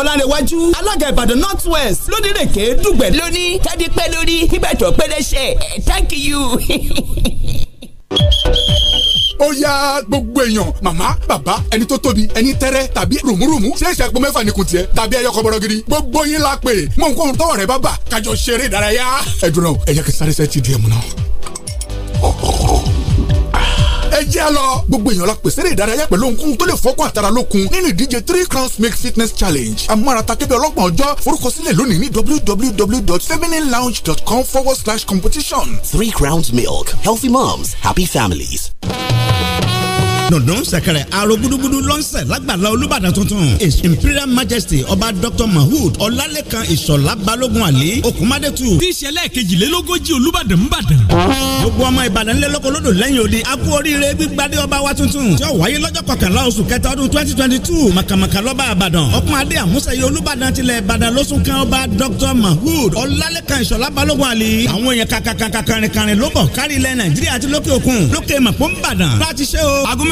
ọ̀làǹrẹ̀wájú alága ìbàdàn north west lónírèké dùgbẹ̀. lóní tádé pẹ́ lórí kíbẹ̀tọ̀ pẹ́ lẹ́sẹ̀ eh, thank you. ó yá gbogbo èèyàn màmá bàbá ẹni tó tóbi ẹni tẹ́rẹ́ tàbí rùmùrùmù ṣẹ́ẹ̀ṣẹ̀ àpò mẹ́fà ní kùtìẹ́ tàbí ẹyọkọ bọ̀rọ̀ gbogbo yín la pè mọ nǹkan tọwọ́ rẹ bá bà kájọ ṣeré ìdárayá. ẹ dùn náà ẹ yẹ kí sáré sẹ́ẹ̀ ti di ẹ̀ mú náà jẹ́ a lọ. gbogbo èèyàn la pèsè eré ìdárayá pẹ̀lú ohunkóhun tó lè fọ́kàn àtàrà lókun nínú ìdíje three crowns make fitness challenge amárata kébé ọlọ́gbọ̀n ọjọ́ forúkọsílẹ̀ lónìí ní www.femininelounge.com forward slash competition. three crowns milk healthy moms happy families dùndún sẹ̀kẹ̀rẹ̀ àrò gúdúgúdú lọ́nsẹ̀ lágbàlá olúbàdàn tuntun his imperial majesty ọba dr mahood ọlálẹ́kan ìṣọ̀lá balógun àlí okùnmádẹ́tù. tí ìṣẹ̀lẹ̀ kejìlélógójì olúbàdàn ń bàdàn. gbogbo ọmọ ìbàdàn lẹ́lọ́kọ̀lódò lẹ́yìn odi a kú oríire gbígbádé ọba wa tuntun tí ó wáyé lọ́jọ́ kọkànlá oṣù kẹta ọdún twenty twenty two màkàmàkà lọ́ba àbàdàn ọkùn adé àmúṣeyẹ olúbàdàn tilẹ̀ ìbàdàn lóṣù kan ọba dr mahood ọlálẹ́kan ìṣọ̀lá balógun àlí. àwọn èèyàn kàkàkàkàkàrìnkàrìn ló bọ̀ kárí ilẹ̀ nàìjíríà àti lókè òkun lókè màpó ń bàdàn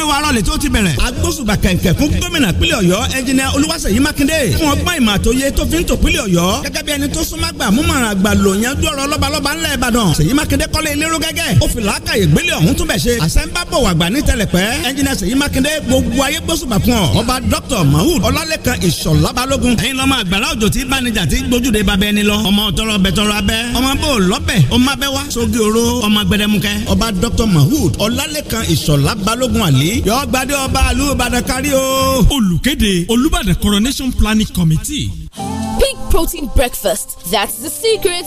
wa rọlẹ̀ tó ti bẹ̀rẹ̀. agbósùbà kẹ̀kẹ́ fún gómìnà pínlẹ̀ ọ̀yọ́ ẹnjìnà olúwaṣèyí mákindé fún ọgbọ́n ìmọ̀ àtòyé tó fi ń tò pínlẹ̀ ọ̀yọ́ gẹ́gẹ́ bí ẹni tó súnmọ́ múmọ̀ràn àgbà lò yẹn dú lọ́balọ́ba ńlẹ̀ ìbàdàn ṣèyí mákindé kọ́lé elérò gẹ́gẹ́ ó fi làákàyè gbélé ọ̀hún tún bẹ̀ ṣe àṣẹ́ńbàbọ̀ wàgbà ní tẹlẹ̀pẹ́ ẹnjìnà ṣèyí mákindé yìí gbadé ọba àlú ìbàdàn kárí o. olùkéde olùbàdàn coronation planning committee. pig protein breakfast that's the secret.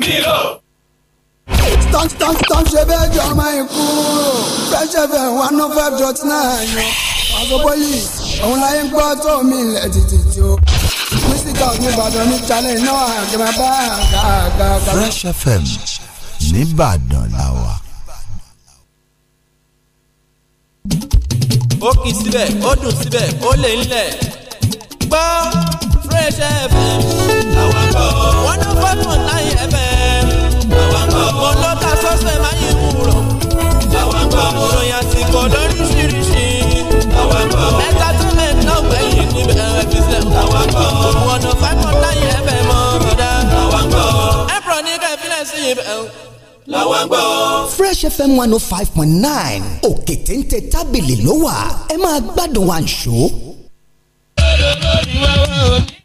Milo. tọ́ntọ́ntọ́n ṣe bẹ́ẹ̀ jọ ọmọ ikú Fresh FM one oh five dot nine àgbọ̀bọ́lì òun láyé ń gbọ́ tó mi ilẹ̀ títí tí ó mísíkà ọ̀gbìn Ìbàdàn ní challenge náà àgbà bá àgbà àgbà. Fresh FM nìbàdàn làwà. ó kì síbẹ̀ ó dùn síbẹ̀ ó lè ń lẹ̀ gbọ́ Fresh FM fresh fm one oh five point nine òkè téńté tábìlì ló wà ẹ máa gbádùn àǹṣó. olórí wá wá omi.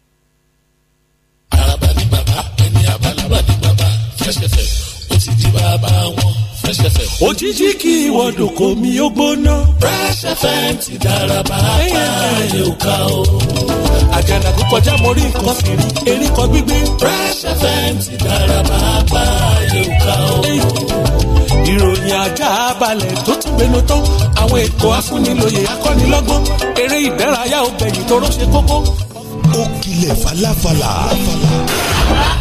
fresh fm ó ti di bàbá wọn fresh fm. òjijì kí ìwọ́dùn kò mí ó gbóná. fresh fm ti dára bàbá yóò ká o. àjànà kó kọjá mo rí nǹkan fìrí erí kan gbígbé. fresh fm ti dára bàbá yóò ká o. ìròyìn ajá balẹ̀ tó tún gbénu tán àwọn ètò afúnilòyè akọ́nilọ́gbọ́n eré ìdárayá obìnrin tó rọ́ṣẹ́ kókó ó kilẹ̀ falafala. falafala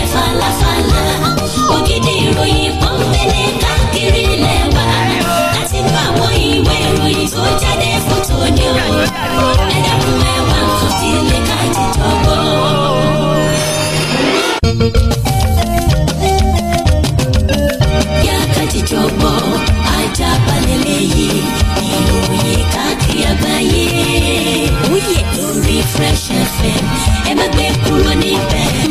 ìròyìn kan fẹ́lẹ̀ káàkiri lẹ́wà láti nú àwọn ìwé ìròyìn tó jáde fún tòní o ẹ dákun ẹ wá nǹkan tí lè ká jíjọ gbọ́. yá ká jíjọ gbọ́ ajá balẹ̀ lẹ́yìn ìròyìn káàkiri Fresh FM ẹ má gbé kúrò níbẹ̀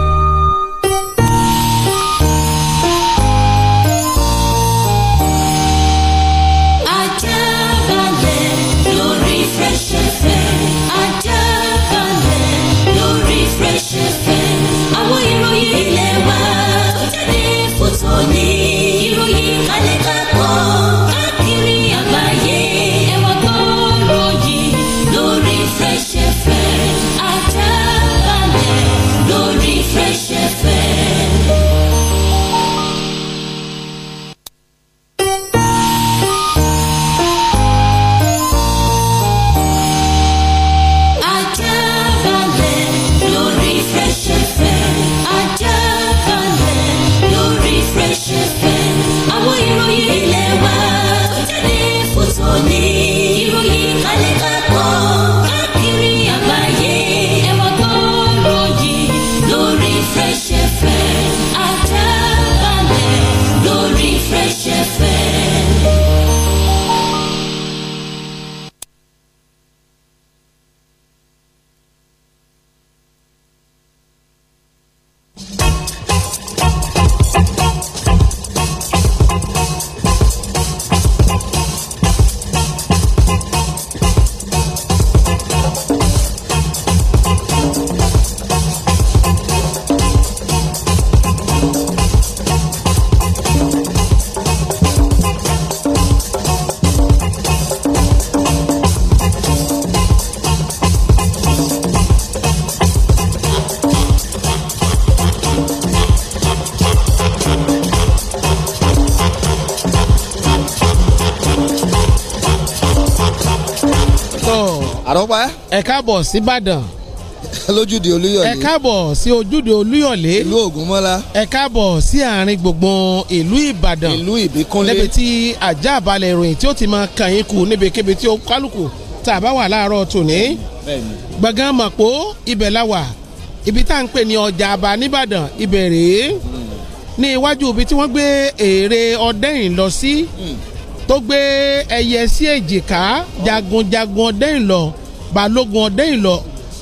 káàbọ̀ síbàdàn. lójúde olúyọ̀lé. ẹ káàbọ̀ sí ojúde olúyọ̀lé. ìlú ògúnmọ́lá. ẹ káàbọ̀ sí àárín gbùngbùn ìlú ìbàdàn. ìlú ìbíkúnlé. níbi tí ajá àbálẹ̀ ìròyìn tí ó ti máa kàn yín kù níbikíbi tí ó kálukú tá a bá wà láàárọ̀ tòní. gbọ̀ngàn màpó ibẹ̀ la wà ibi tá à ń pè ní ọjà àbá nìbàdàn ibẹ̀ rèé hmm. ní iwájú ibi tí wọ́n gbé ère ọdẹ́yìn lọ sí hmm. tó gbé ẹyẹ sí èjìká oh. jagunjagun ọdẹ́yìn lọ balógun ọdẹ́yìnlọ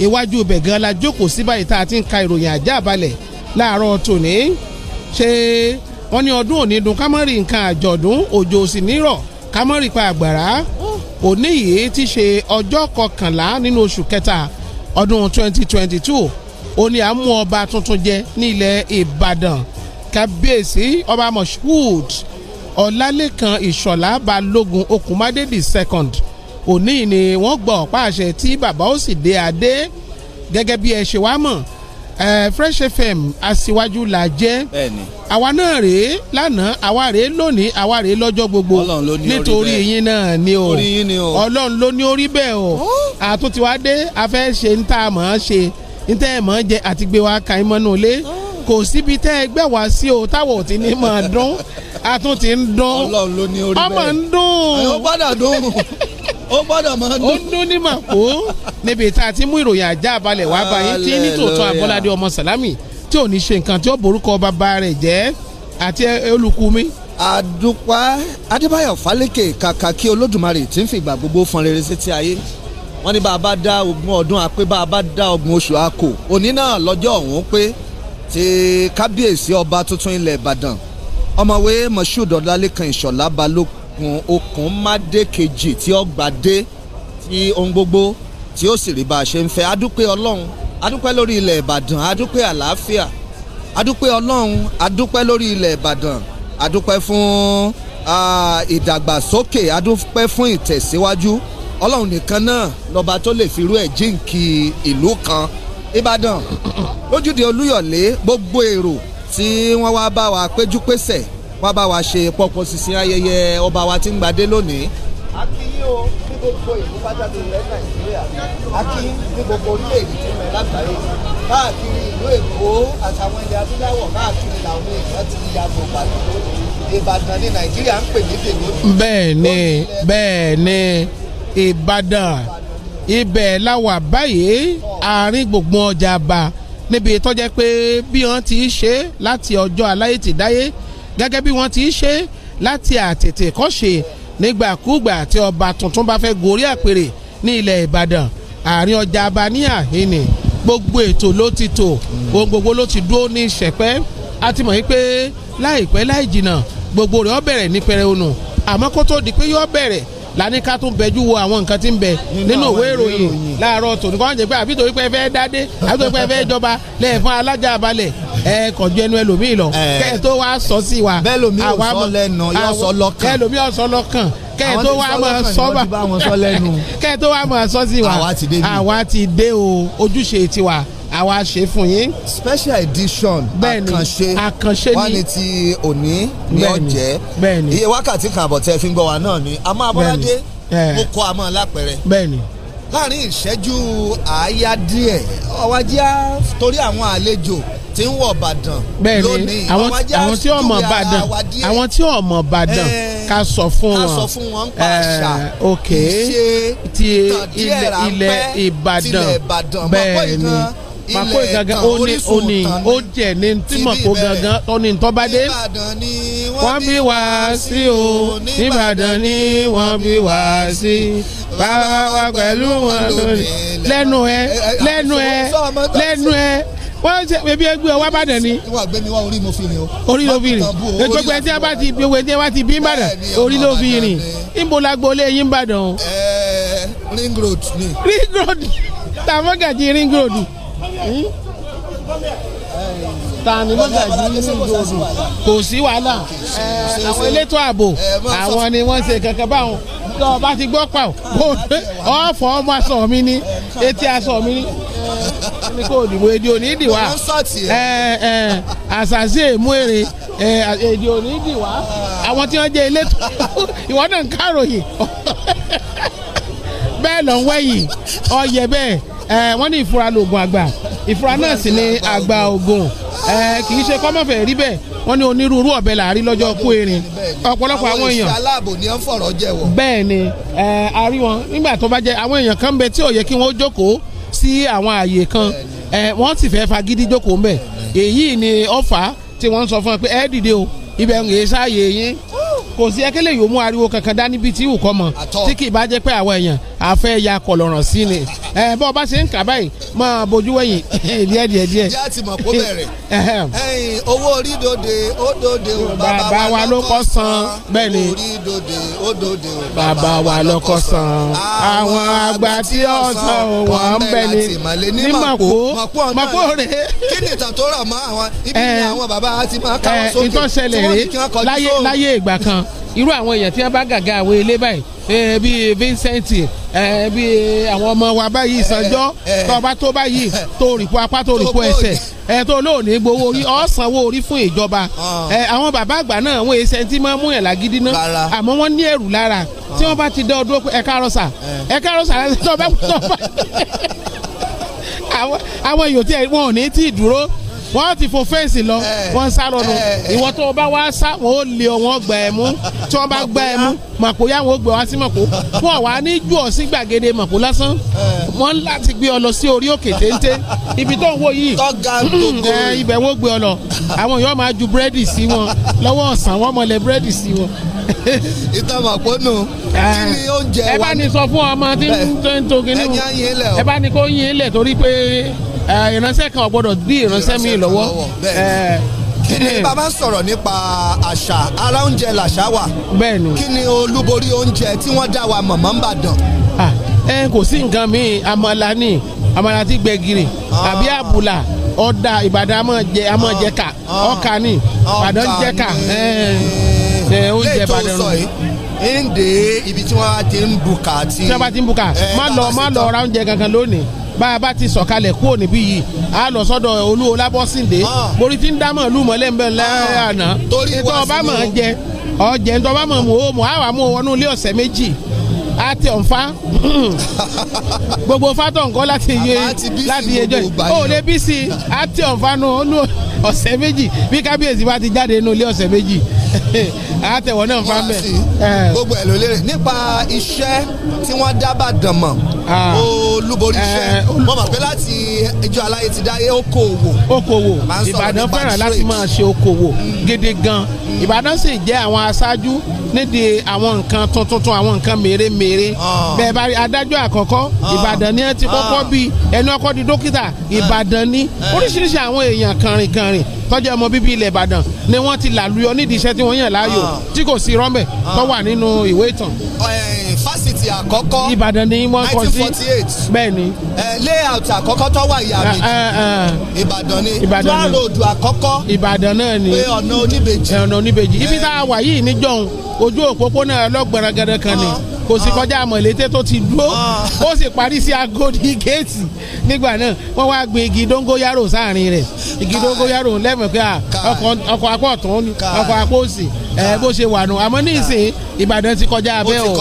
iwájú ibẹ̀ gan la jókòó sí báyìí tá a ti ń ka ìròyìn ajá balẹ̀ láàárọ̀ tòní ṣé wọ́n ní ọdún òní dun kámọ́rì nǹkan àjọ̀dún òjò òsì nírọ̀ kámọ́rì pa àgbàrá òní yìí ti ṣe ọjọ́ kọkànlá nínú oṣù kẹta ọdún 2022 òní àmú ọba tuntun jẹ ní ilẹ̀ Ìbàdàn kábíyèsí ọba Moshood Ọlálékan Ìṣọ̀lá Balógun Òkúmádé the second òní ni wọ́n gbọ́ ọ̀pá àṣẹ tí bàbá ó sì dé adé gẹ́gẹ́ bí ẹ ṣe wá mọ̀ Fresh FM aṣíwájú la jẹ́ àwa náà rèé lánàá àwa rèé lónìí àwa rèé lọ́jọ́ gbogbo nítorí yín náà ni o ọlọ́run ló ní orí bẹ́ẹ̀ o àtúntí wa dé a fẹ́ ṣe ń tá a mọ̀ ọ́n ṣe ń tẹ́ ẹ̀ jẹ àti gbé wa ka ẹ̀ mọ́nú kò síbi tẹ́ ẹ gbẹ́ wá sí o táwọn ti ní máa dún a tún ti ń dún ọmọ ń dún ọmọ ń dún ó gbọ́dọ̀ máa dún. ó ń dún ní màkó níbi tá a ti mú ìròyìn ajá balẹ̀ wá báyìí tí ní tòótọ́ àbọ́ládé ọmọ sàlámì tí ò ní ṣe nǹkan tí ó borúkọ bàbá rẹ̀ jẹ́ àti olùkú mi. àdùpá adébáyọ̀ fálékè kàkà kí olódùmarè tí ń fìgbà gbogbo fọn rere sétí ayé wọ́n ní bá a bá dá ogún ọdún àpé bá a bá dá ogún oṣù àkò òní náà lọ́jọ́ ọ̀hún pé ti kábíyèsí ọba tuntun ilẹ̀ ìbàdàn ọmọwé moshood ọlálékan ìṣọ̀lá balógun okùn okùn mádékejì tí ó gbà dé tí ohun gbogbo tí ó sì rí bá a ṣe ń fẹ́ adúpẹ́ ọlọ́run adúpẹ́ lórí ilẹ̀ ìbàdàn adúpẹ́ àlàáfíà adúpẹ́ ọlọ́run adúpẹ́ lórí ilẹ̀ ìbàdàn adúpẹ́ fún ìdàgbàsókè adúpẹ́ fún ìtẹ̀síwájú ọlọ́run nìkan náà lọ́ba tó lè firú ẹ̀ jíǹkì ìlú kan ìbàdàn lójúde olúyọ̀lé gbogbo èrò tí wọ́n wá bá wa péjú pésẹ̀ wá bá wa ṣe pọpọ sísìn ayẹyẹ ọba wa tí ń gbadé lónìí. a kí yín o ní gbogbo ìlú pátákó rẹ nàìjíríà a kí ní gbogbo orílẹ̀-èdè tí mẹ́ lágbàáyé káàkiri ìlú èkó àtàwọn ilẹ̀ adúláwọ̀ káàkiri làwọn èèyàn ti yàgò pàdé ìbàdàn ní nàìjíríà ń pè ní dèlò. bẹ́ẹ̀ ni bẹ́ẹ̀ ni ìbàdàn ibẹ̀ la wà báyìí àárín gbùngbùn ọjà àbà níbi tó jẹ́ pé bí wọ́n ti ṣe láti ọjọ́ aláyé ti dáyé gẹ́gẹ́ bí wọ́n ti ṣe láti àtètè kọ́ṣe nígbàkúgbà tí ọba tuntun bá fẹ́ gorí àpèrè ní ilẹ̀ Ìbàdàn àárín ọjà ọba ní àhínì gbogbo ètò ló ti tò ohun gbogbo ló ti dúró ní ìṣẹ̀pẹ́ a ti mọ̀ yí pé láìpẹ́ láì jìnnà gbogbo rẹ̀ ó bẹ̀rẹ̀ ní pẹrẹ ònù àmọ́ kó tó di pé yóò bẹ̀rẹ̀ lani ká tún bẹjú wo àwọn nǹkan tí ń bẹ nínú òwe ìròyìn láàárọ̀ tòun kọ́ pé àbí torí pé ẹ fẹ́ dádé àbí torí pé ẹ fẹ́ jọba lẹ́ẹ̀fọ́n alájà balẹ̀ ẹ kọjú ẹnu ẹlòmíì lọ kẹ tó wá sọ sí wa bẹ́ẹ̀ lomi ò sọ lẹ́nu kẹ tó wá máa sọ kẹ tó wá máa sọ sí wa àwa ti dé o ojúṣe tiwa àwa ṣe fún yín. special edition àkànṣe àkànṣe ni wọ́n ní ti òní ní ọ̀jẹ́ iye wákàtí kan àbọ̀tẹ́ fi ń gbọ́ wa náà ni àmọ́ abọ́ládé mo kọ́ àmọ́ lápẹ̀rẹ̀ láàrin ìṣẹ́jú àáyá díẹ̀ ọ̀wájá torí àwọn àlejò tí ń wọ̀ bàdàn lónìí ọ̀wájá júwe àwa díẹ̀ àwọn tí ò mọ̀ bàdàn ká sọ fún wọn ká sọ fún wọn pa àṣà ṣe ti ilẹ̀ ìbàdàn bẹ́ẹ̀ ni mako gangan ó ní ó ní ó jẹ ní tí mako gangan ó ní tọ́ba dé. ìbàdàn ni wọ́n bí wá sí o nìbàdàn ni wọ́n bí wá sí bàbá wa pẹ̀lú wọn lónìí lẹ́nu ẹ lẹ́nu ẹ lẹ́nu ẹ wọ́n ṣe ebi ẹgbẹ́ wa bàdàn ni. wọ́n gbé mi wá orí mo fi rìn o. orí ló fi rìn gbogbo ẹtí wọn bá ti gbogbo ẹtí wọn bá ti bí ń bàdàn orí ló fi rìn níbo la gbolé yín bàdàn o. Eh, ring road ni. ring road tàmọ́gàjì ring road. Hmm? ta ni mọ́gàjì nínú ìgbòho kò sí wàhálà àwọn elétò ààbò àwọn ni wọ́n ṣe kankan báwọn tó bá ti gbọ́ pa ọ́ ọ̀fọ̀ ọmọ aṣọ mi ni etí aṣọ mi ni ní kò dìbò èdè òní dìwà àṣàṣì èmú èrè èdè òní dìwà àwọn tí wọ́n jẹ́ elétò ìwọ náà ń káròyìn bẹ́ẹ̀ lọ ń wẹ̀yìn ọyẹ bẹ́ẹ̀ wọ́n ní ìfura lóògùn àgbà ìfura náà sì ni àgbà ògùn kì í ṣe kọ́mọ̀fẹ́ rí bẹ́ẹ̀ wọ́n ní onírúurú ọ̀bẹ làárí lọ́jọ́ kú erin ọ̀pọ̀lọpọ̀ àwọn èèyàn àwọn ìṣẹ́ aláàbò ni ó ń fọ̀rọ̀ jẹ́wọ́. bẹ́ẹ̀ ni a rí wọn nígbà tó bá jẹ́ àwọn èèyàn kan bẹ tí ò yẹ kí wọ́n jókòó sí àwọn ààyè kan wọ́n sì fẹ́ fagídí jókòó ń bẹ̀ èyí ni ọ̀fà tí wọ́n sọ fún ẹ pé ẹ dìde o ibẹ̀ ń yé sáàyè yín kò sí ẹkẹ́lẹ́ yòó ariwo kankan dání bíi tí ìwù kọ́ mọ̀ tí kì í bá jẹ́ pé àwọn èèyàn afẹ́ ya kọlọ̀ràn sí ni ẹ bọ́ ọ ṣe ń kà báyìí máa bójú wẹ̀yìn díẹ̀ díẹ̀ díẹ̀. ìjà ti mọ̀ kó bẹ̀rẹ̀ ẹyin owó orí dòde ó dòde o bàbá wa ló san bẹ́ẹ̀ ni bàbá wa ló san àwọn àgbà tí ó san wọ́n ń bẹ ni ní màkó màkó rẹ̀. kí ni ìtàn rà mọ́ àwọn ibi ni àwọn bàbá ti máa káwọn sókè tí wọ́n ti kí wọ́n kọjú sóòrùn irú àwọn èèyàn tí wọ́n bá gàgà àwọn ilé báyìí bíi Vincent bíi àwọn ọmọ wa báyìí ìsànjọ́ eh, eh, eh. tọba tó báyìí tó rìpọ apá tó rìpọ ẹsẹ̀ ẹ tó lóòní gbowó orí ọ̀sánwó orí fún ìjọba ah. ẹ àwọn bàbá àgbà náà wọ́n èsẹ̀ tí máa mú yàn lágídí náà àmọ́ wọ́n ní ẹ̀rù lára tí wọ́n bá ti dá ọdún ẹ káàárọ̀ sà ẹ káàárọ̀ sà tọba tọba àwọn èèyàn tí wọn ò ní tí ì dúró wọ́n ti fo fẹ́ǹsì lọ eh. wọ́n sá lọ nù eh. ìwọ tó o bá wá sá wọ́n ó lé wọn gbà ẹ̀ mú tí wọ́n bá gbà ẹ̀ mú màkó yá wọn ó gbé wá sí màkó fún ọ̀wá ní jù ọ́ sí gbàgede màkó lásán eh. wọ́n láti gbé ọ lọ sí orí òkè téńté ibi tó ń wò yìí hmm, ibẹ̀ wọ́n gbé ọ lọ àwọn yóò máa ju búrẹ́dì sí wọn lọ́wọ́ ọ̀sán wọ́n mọ̀lẹ́ búrẹ́dì sí wọn. ìtàmà pọ́nù kí ni oúnjẹ wa ẹ bá ní sọ fún ọmọ tí ń tó kinní ẹ bá ní kó yín lẹ̀ torí pé Eh, ìránṣẹ́ kan ọ̀gbọ́dọ̀ dí ìránṣẹ́ mi lọ́wọ́ eh. kí ni bàbá ń sọ̀rọ̀ nípa àṣà ara oúnjẹ làṣà wà bẹ́ẹ̀ni kí ni olúborí oúnjẹ tí wọ́n dá wa mọ̀mọ́ ń bàdàn. Ah, ẹ kò sí nǹkan míì àmàlà ni àmàlà ti gbẹ̀gìrì ah. àbí àbùlà ọ̀dà ìbàdàn àmọ̀jẹ̀ka ọ̀ka ah. ni ìbàdàn jẹ̀ka eh, oúnjẹ ìbàdàn ń dé ibi tí wọ́n ti ń buka. tí wọ́n bá ti ń buka má lọ má lọ ra oúnjẹ kankan lónìí bá a bá ti sọ̀kalẹ̀ kúrò níbí yìí a lọ sọ́dọ̀ olúwo lábọ́sìndé mori ah. ti ń dá mọ̀ lù mọ́lẹ́ nbẹ̀ lánà ń tọ́ba mọ̀ mọ̀ ó mọ̀ àwa mọ̀ wọnú ilé ọ̀sẹ̀ méjì a ti ọ̀nfà gbogbo fatọ̀ nǹkan láti yé láti yé jọ ó lé bí sí a ti ọ̀nfà nù ọ̀sẹ̀ méjì bí kábíyèsí bá ti jáde nù ilé ọ̀sẹ̀ méjì àtẹ̀wọ̀ náà fa bẹ́ẹ̀. gbogbo ẹ̀ ló lérè nípa iṣẹ́ tí wọ́n dábàá dàn mọ̀ olúborí iṣẹ́ wọ́n mọ̀ pé láti ìjọ aláyé ti dáyé okòwò. okòwò Ìbàdàn fẹ́ràn láti máa ṣe okòwò mm. gidi gan Ìbàdàn sì jẹ́ àwọn aṣáájú nídìí àwọn nǹkan tuntun àwọn nǹkan mèremère ah. bẹ́ẹ̀ bá adájọ́ àkọ́kọ́ ah. Ìbàdàn ni ẹ ti kọ́kọ́ ah. bí ẹni ọkọ́ di dókítà eh. Ìbàdàn ni eh. oríṣiríṣi àwọn èèyàn kànrìnkànrìn tọ́jú ọmọ bíbí ilẹ̀ Ìbàdàn ni wọ́n ti làlùyọ nídìí iṣẹ́ tí wọ́n yàn láàyò tí kò sí rọ́mbẹ̀ ah. tó wà nínú ìwé ìtàn. Eh, fásitì àkọ́kọ́ ìbàdàn ni wọ́n kọ sí bẹ́ẹ̀ ni. Eh, layout àkọ́kọ́ tó wà ìyàbẹ̀jì eh, ìbàdàn ni tóa ròdù àkọ́kọ́ ìbàdàn náà ni pé ọ̀nà oníbejì. ọ̀nà oníbejì ibi tá a wà yìí níjọ́un ojú òpópónà ọlọ́gbọ̀nrán gẹ́gẹ́ kan ni. Uh ah. -huh kò sì kọjá àmọ̀lété tó ti dúró ah. ó sì parí sí agodi géètì nígbà náà wọ́n wá gbé igi dóngóyárò sáàrin rẹ̀ igi dóngóyárò lẹ́mọ̀ pé ọkọ̀ apọ̀ ọ̀tún ni ọkọ̀ apọ̀ òsì ẹ̀ bó ṣe wà nù àmọ́ ní ìsìn Ìbàdàn ti kọjá abẹ́ o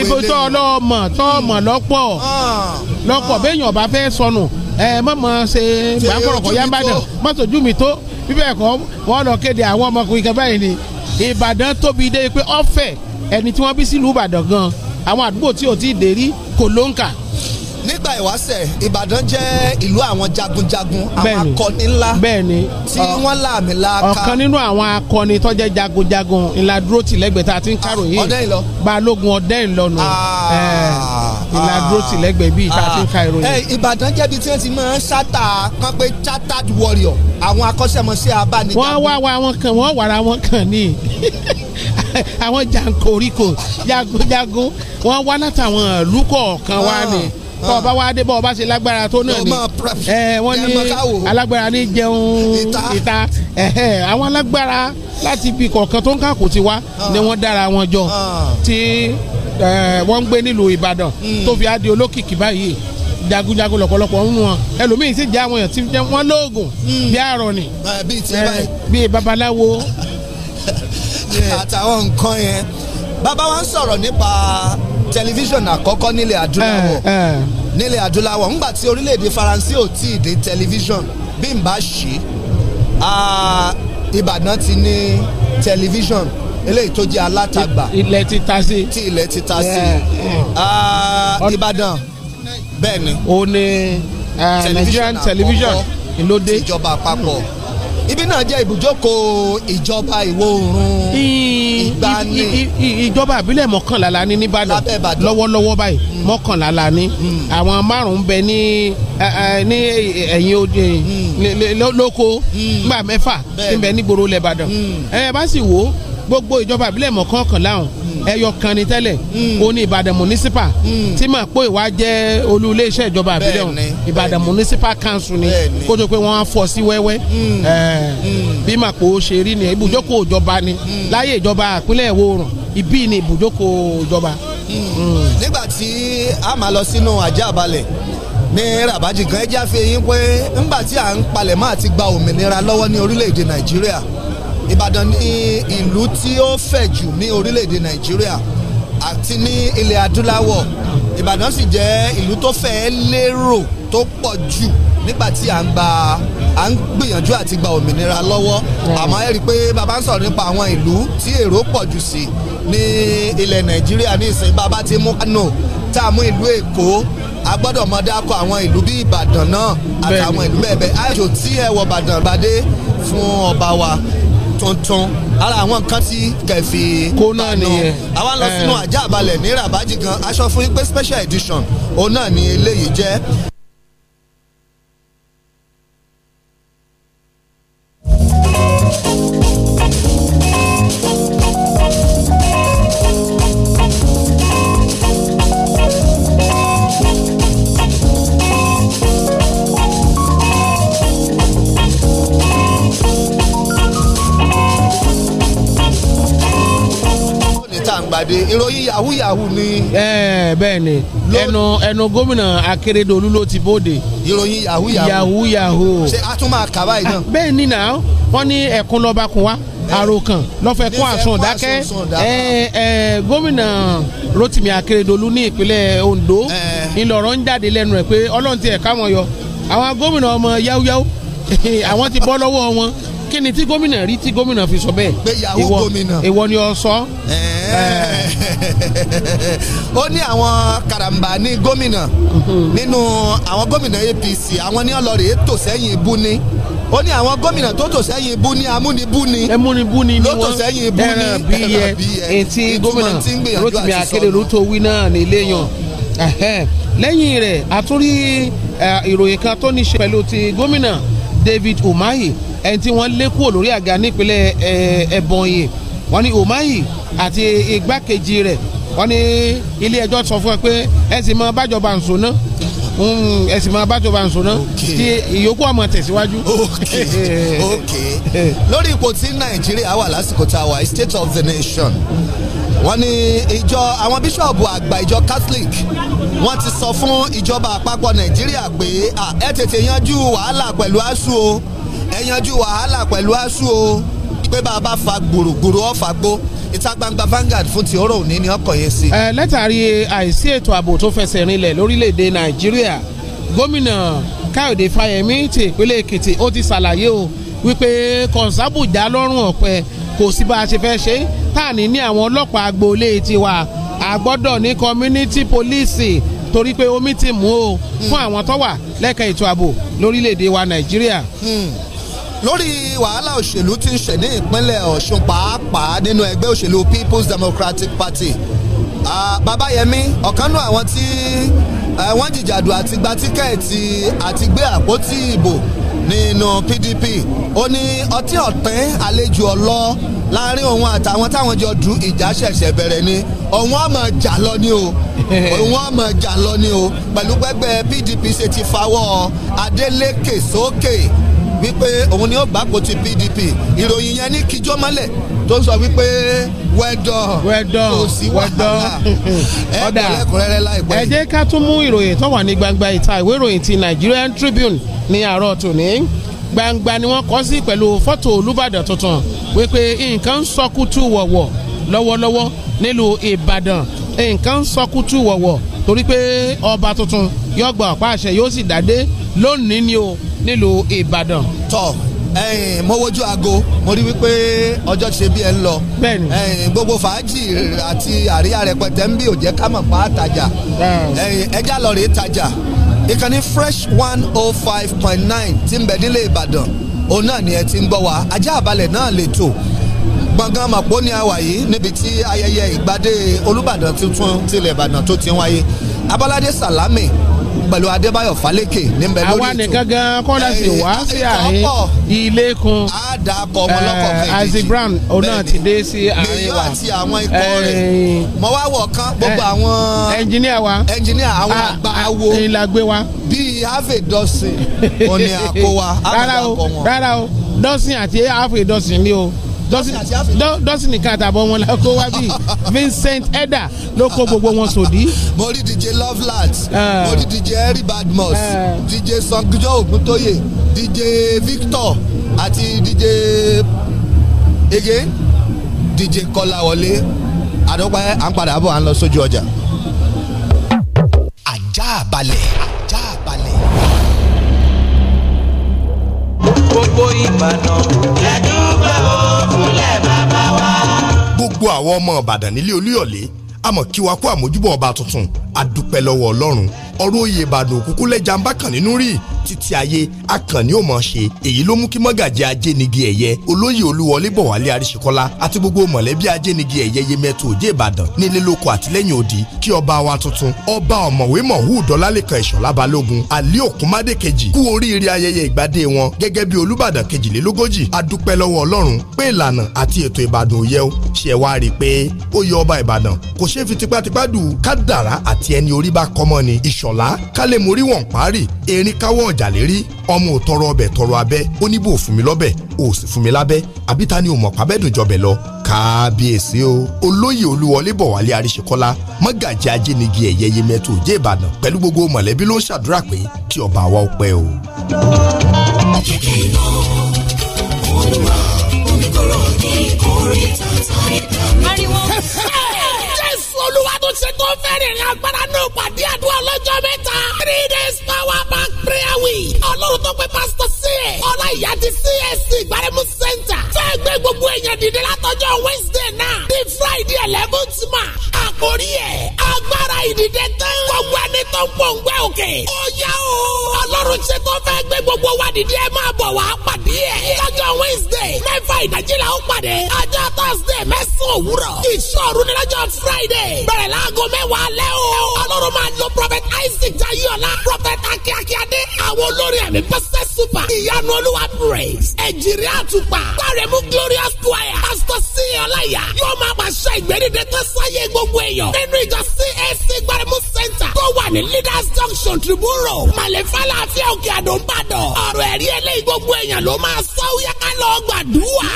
ibi tó ọlọ́mọ tó ọmọ hmm. lọ́pọ̀ ah. lọ́pọ̀ béèyàn bá fẹ́ sọnù ẹ mọ̀mọ́ ṣe gbàgbọ́rọ̀kọ̀ yábàdàn mọ́tòjú mi tó bíbẹ̀ ẹ̀kọ́ wọ́n lọ kéde àwọn ọmọkùnrin kan báyìí ni Ìbàdàn tóbi dé pé ọ̀fẹ́ ẹni tí wọ́n bí sílùú Ìbàdàn gan-an àwọn àdúgbò tí ò tí ì dé rí kò ló ń kà nígbà ìwáṣẹ̀ ìbàdàn jẹ́ ìlú àwọn jagunjagun àwọn akọni ńlá tí wọ́n làmì laaka. ọ̀kan nínú àwọn akọni tó jẹ́ jagunjagun ńlá dúró tì lẹ́gbẹ̀ẹ́ tá a ti ń kárò yìí balógun ọdẹ ìlọnà ah. ńlá dúró tì lẹ́gbẹ̀ẹ́ bíi tá a ti ń ka ìròyìn. Ah. Eh, ìbàdàn jẹ́ ibi tí wọ́n ti máa ń ṣáta kan pé chartered warrior àwọn akọ́ṣẹ́mọṣẹ́ abánijagun. wọ́n wá wa wọn kàn wọ́n wàrà wọn kàn ní. àwọn jankoríko jagunjagun wọ́n wá látàwọn ìlú kọ̀ọ̀kan wá ni bọ́ ọba wa dé bọ́ ọba ṣe lágbára tó náà ni ẹ wọ́n ní alágbára ní jẹun ìta àwọn alágbára láti ibi kọ̀ọ̀kan tó ń kà kò ti wá ah. ni wọ́n dára wọn jọ ah. tí wọ́n ń gbé nílùú Ìbàdàn hmm. tó fi á di olókìkí báyìí jagunjagun lọ́pọ̀lọpọ̀ ń wọn ẹlòmíín sì jẹ́ àwọn èèyàn tí wọ́n lóògùn hmm. bí àrọ̀ ni bí babaláwo àtàwọn nǹkan yẹn bàbá wa ń sọ̀rọ̀ nípa tẹlifíṣàn àkọ́kọ́ nílẹ̀ adúláwọ̀ nílẹ̀ adúláwọ̀ ńgbà tí orílẹ̀-èdè faransé ò tí ì dé tẹlifíṣàn bí n bá ṣe ìbàdàn ti ní tẹlifíṣàn eléyìí tó jẹ́ alátagbà ilẹ̀ ti ta sí ti ilẹ̀ ti ta sí ìbàdàn bẹ́ẹ̀ ni o ní Nigerian television ìlódé ìjọba àpapọ̀. Mm ibi náà jẹ́ ibùjókòó ìjọba ìwọ̀ oòrùn ìgbani. ìjọba àbílẹ̀ mọ́kànlá la ní nìbàdàn lọ́wọ́lọ́wọ́ báyìí hmm. mọ́kànlá la ní hmm. àwọn márùn-ún bẹ ní ní ẹ̀yìn òde hmm. lóko nígbà mẹ́fà níbẹ̀ nígboro lẹ́bàdàn ẹ bá sì wò gbogbo ìjọba àbílẹ̀ mọ́kànlá ọ̀hún ẹyọ kan ni tẹ́lẹ̀ hmm. ó ní Ìbàdàn municipal hmm. tí mà pé ìwà jẹ́ olú iléeṣẹ́ ìjọba àbílẹ̀ ọ̀hún Ìbàdàn municipal council ni kó tó pé wọ́n á fọ́ sí wẹ́wẹ́ hmm. bí mà pé ó ṣe rí ni ibùjókòó ìjọba ni láyé ìjọba àpínlẹ̀ ìwọ̀ oòrùn ni ibùjókòó ìjọba. nígbà tí a máa lọ sínú àjà balẹ̀ ní rabaji gan ẹjẹ́ àfihàn pé ńgbà tí à ń palẹ̀mọ́ àti gba òmìnira lọ́wọ́ ní orílẹ̀-èdè Nàìjíríà Ìbàdàn ni ìlú tí ó fẹ̀ jù ní orílẹ̀-èdè Nàìjíríà àti ní ilẹ̀ adúláwọ̀ Ìbàdàn sì jẹ́ ìlú tó fẹ́ lérò tó pọ̀ jù nígbà tí à ń gba à ń gbìyànjú àti gba òmìnira lọ́wọ́ àmọ́ ẹ rí i pé bàbá ń sọ̀rọ̀ nípa àwọn ìlú tí èrò pọ̀ jù sí ní ilẹ̀ Nàìjíríà ní ìsìn bàbá ti mú Kánò tá a mú ìlú Èkó a gbọ́dọ̀ mọ dákọ àwọn ìlú bíi Ìbàdàn náà àtàwọn ìlú bẹ́ẹ̀ bẹ́ẹ̀ àjò tí ẹ wọ Ìbàdàn bàdé fún ọba wa tuntun ara àwọn nǹkan tí kẹfì kó náà nìyẹn àwa lọ sínú àjà àbalẹ̀ ní rabaji gan aṣọ fún yín pé special edition òun náà ni eléyìí jẹ́. yahoo ní. ẹ bẹ́ẹ̀ ni ẹnu ẹnu gómìnà akérèdọ́lù ló ti bóde. ìròyìn yahoo yahoo yahoo yahoo. ṣé a tún máa kà báyìí náà. bẹ́ẹ̀ ni náà wọ́n ní ẹ̀kún lọ́ba kun wá àròkàn lọ́fẹ̀ẹ́ kún àsun dákẹ́ ẹ ẹ gómìnà Rotimi Akeredolu ní ìpínlẹ̀ Ondo ńlọrọ̀ ń jáde lẹ́nu ẹ̀ pé ọlọ́run ti ẹ̀ka wọn yọ àwọn gómìnà ọmọ yáwóyáwó àwọn ti bọ́ lọ́wọ́ wọn kí ni tí gómìnà rí tí gómìnà fi sọ bẹ́ẹ̀. gbéyàwó gómìnà ìwọ ni ọ sọ. ó ní àwọn karambà ní gómìnà mhm. nínú àwọn gómìnà APC àwọn ní ọlọ́rẹ̀ tó sẹ́yìn ibú ni ó ní àwọn gómìnà tó tò sẹ́yìn ibú ni amúnibúni ẹmúnibúni ni wọ́n ẹran bí yẹ etí gómìnà Rotimi Akeredolu tó wí náà nílé yan lẹ́yìn rẹ̀ àtúrí ìròyìn kan tó ní ṣe pẹ̀lú ti gómìnà David Umahi ẹni tí wọ́n lé kúrò lórí àga nípínlẹ̀ Ebonyi wọ́n ní Umahi àti igbákejì rẹ̀ wọ́n ní ilé ẹjọ́ sọ fún ẹ pé ẹ sì bájọba ń sọ náà ẹsìn máa bá jọba nsọ náà tí ìyókù àmọ́ tẹ̀síwájú. lórí ipò tí nàìjíríà wà lásìkò tá a wà state of the nation wọ́n ní ìjọ àwọn bíṣọ̀bù àgbà ìjọ catholic wọ́n ti sọ fún ìjọba àpapọ̀ nàìjíríà pé ẹ tètè yanjú wàhálà pẹ̀lú asu o. Okay ẹ yanjú wàhálà pẹ̀lú aṣù o pé bá fa gbòrògbòrò ọ̀fà gbó ìta gbangba Vanguard fún ti ọ̀rọ̀ òní ni ọkọ̀ yẹn sí. ẹ látàrí àìsí ètò ààbò tó fẹsẹ̀ rinlẹ̀ lórílẹ̀‐èdè Nàìjíríà gómìnà Káyọ̀dé Fáyẹmí ti ìpínlẹ̀ Èkìtì ó ti ṣàlàyé o wípé kọ̀ǹsábùjá lọ́rùn ọ̀pẹ kò sí bá a ṣe fẹ́ ṣe tá à ní ní àwọn ọlọ́pàá agboolé tiwa a gbọ́dọ̀ ní community police torí pé omi ti mú o fún àwọn tó wà lẹ́ka ètò ààbò lórílẹ̀‐èdè wa Nàìjíríà. Hmm lórí wàhálà òṣèlú tí ń ṣẹ̀ ní ìpínlẹ̀ Ọ̀ṣun pàápàá nínú ẹgbẹ́ òṣèlú People's Democratic Party Babayemi ọ̀kanú àwọn tí wọ́n jìjàdù àti gba tíkẹ́ẹ̀tì àti gbé àpótí ìbò nínú PDP ó ní ọtí ọ̀tẹ́ àlejò ọlọ́ láàrin òun àtàwọn táwọn jọ du ìjà ṣẹ̀ṣẹ̀ bẹ̀rẹ̀ ni òun àmọ̀ jà lọ ni o òun àmọ̀ jà lọ ni o pẹ̀lú pẹ́gbẹ́ PDP ṣe ti fawọ́ Adeleke sókè wípé òun ni ó gbà ti PDP ìròyìn yẹn ní kíjọ́ mọ́lẹ̀ tó sọ wípé wẹ́dọ̀ wẹ́dọ̀ kò sí wàhálà ọ̀dà ẹ jẹ́ ká tún mú ìròyìn tó wà ní gbangba ìta ìwé ìròyìn ti Nigerian Tribune ní àárọ̀ tòní gbangba ni wọ́n kọ́ sí pẹ̀lú fọ́tò Olúbàdàn tuntun wípé nǹkan ń sọkútù wọ̀wọ̀ lọ́wọ́lọ́wọ́ nílùú Ìbàdàn nǹkan sọkútù wọ̀wọ̀ torí pé ọba tuntun yóò gba ọ̀pá àṣẹ yóò sì dádé lónìí ni o nílùú Ìbàdàn. tọ mo wojú aago mo rí wípé ọjọ́ ti ṣe bí ẹ ń lọ ẹyìn gbogbo fàájì àti àríyá rẹpẹtẹ ń bí òjẹ́ kámọ̀ pa àtàjà ẹyìn ẹjá lọ rèé tajà ìkànnì fresh one oh five point nine tí ń bẹ nílé Ìbàdàn òun náà ni ẹ ti ń gbọ́ wa ajá àbálẹ̀ náà lè tò gbọ̀ngàn mọ̀pọ̀ ní àwà yìí níbi tí ayẹyẹ ìgbádé olùbàdàn tuntun tilẹ̀ ìbàdàn tó ti wáyé abọ́ládé sàlámì pẹ̀lú adébáyọ̀ fálékè níbẹ̀ lórí ètò àwa nìkan gan kọ́lá sì wá sí àárín ilé kun brown òun ti dé sí àárín wa mọ wá wọ̀ kán gbogbo àwọn ẹnjìníà wa ẹnjìníà àwọn ah, àgbà ìlàgbé ah, wa bíi half a òní àkó wa rárá o àti half a ni o dọ́sìn nìkan àtàbọ̀ wọn la kó wá bí Vincent Edda ló kó gbogbo wọn sòdí. mo DJ Lovelat ah. mo rí DJ Harry Badmus ah. DJ Sangjo. Oguntoye DJ Victor àti DJ ege DJ Kọ́láwọlé àdópa à ń padà bọ̀ à ń lọ sójú ọjà. ajá balẹ̀. gbogbo Ìbàdàn. ẹ̀dúgbò òfúlẹ̀ bàbá wa. gbogbo àwọn ọmọ Ìbàdàn nílé Olúyọ̀lé àmọ́ kí wa kú àmójúbọ̀ ọba tuntun a dúpẹ́ lọ́wọ́ Ọlọ́run ọ̀rọ̀ oyè ìbàdàn òkúkú lẹ́jà ń bá kàn nínú rí títí ayé akànni ò mọ̀ ṣe èyí ló mú kí mọ́gàjì ajénigi ẹ̀yẹ olóyè olúwọlé bọ̀wálé àríṣekọ́lá àti gbogbo mọ̀lẹ́bí ajénigi ẹ̀yẹ yemẹtu òjé ìbàdàn nílé lóko àtìlẹ́yìn òdì kí ọba wa tuntun ọba ọ̀mọ̀wé mọ̀húù dọ́lálẹ́kan ìṣọ̀lá balógun alẹ́ òkúnmádé kejì kú oríire ayẹyẹ ìgbádé wọn gẹ́gẹ́ bí olùbàdàn kejìlélógójì adúpẹ́ lọ́wọ́ ọlọ́run pé ìlànà àti ètò ìbàdàn òye o ṣe wá rí i pé ó yẹ ọba ìbàdàn kò ṣeé fi tipátipá dù kádàrá àti ṣọ̀lá ká lè mórí wọ̀n parí erin káwọ́ ọ̀jà lérí ọmọ ò tọrọ ọbẹ̀ tọrọ abẹ́ ó ní bò fún mi lọ́bẹ̀ ò sì fún mi lábẹ́ àbí ni ò mọ̀ pàbẹ́dùnjọbẹ̀ lọ kábíyèsí o olóyè olúwọlé bọ̀wálé àríṣekọ́lá mọ́gàjì ajínigi ẹ̀yẹ yemẹtu òjé ìbàdàn pẹ̀lú gbogbo mọ̀lẹ́bí ló ń ṣàdúrà pé kí ọba wa ó pẹ́ o. kíkì olúwa ṣe tó fẹ́ agbára náà pàdé àdúrà lọ́jọ́ mẹ́ta three days power bank prayer wheel ọlọ́run tó pé pásítọ̀ sí ẹ̀ ọlá ìyá ti csc gbaremu center fẹ́ gbé gbogbo èèyàn dìde látọjọ́ wednesday náà Di friday eleventh march àkórí ẹ̀ agbára ìdìde tán gbogbo ẹni tó ń pọ̀ ń gbẹ́ òkè ó yá o ọlọ́run ṣe tó fẹ́ gbé gbogbo wa dìde ẹ máa bọ̀ wá pàdé ẹ̀ lọ́jọ́ wednesday mẹ́fà ìdájí la ó pàdé ọjọ́ thursday mẹ́sàn-án òwúrọ̀ ìṣòro ní lọ́jọ́ friday bẹ̀rẹ̀ láago mẹ́wàá lẹ́wọ̀ máa lo prophet isaac jayiola prophet akíakíadé àwọn olórí ẹ̀mí pásítẹ̀ super ìyanu olúwa praise ẹ̀jìrì àtùpà gbàrẹ̀mú glorious choir pastor c ọláyà yóò máa pàṣẹ ìgbẹ́dídẹ́ tó sáyé gbogbo èèyàn nínú ìjọ CAC gbàrẹ̀mú center tó wà ní leaders junction tribune road màlẹ́fàlà àti òkè àdó ńbàdàn ọ̀rọ̀ ẹ̀rí eléyìí gbogbo èèyàn ló máa sọ ó yẹ ká lọ gbàdúrà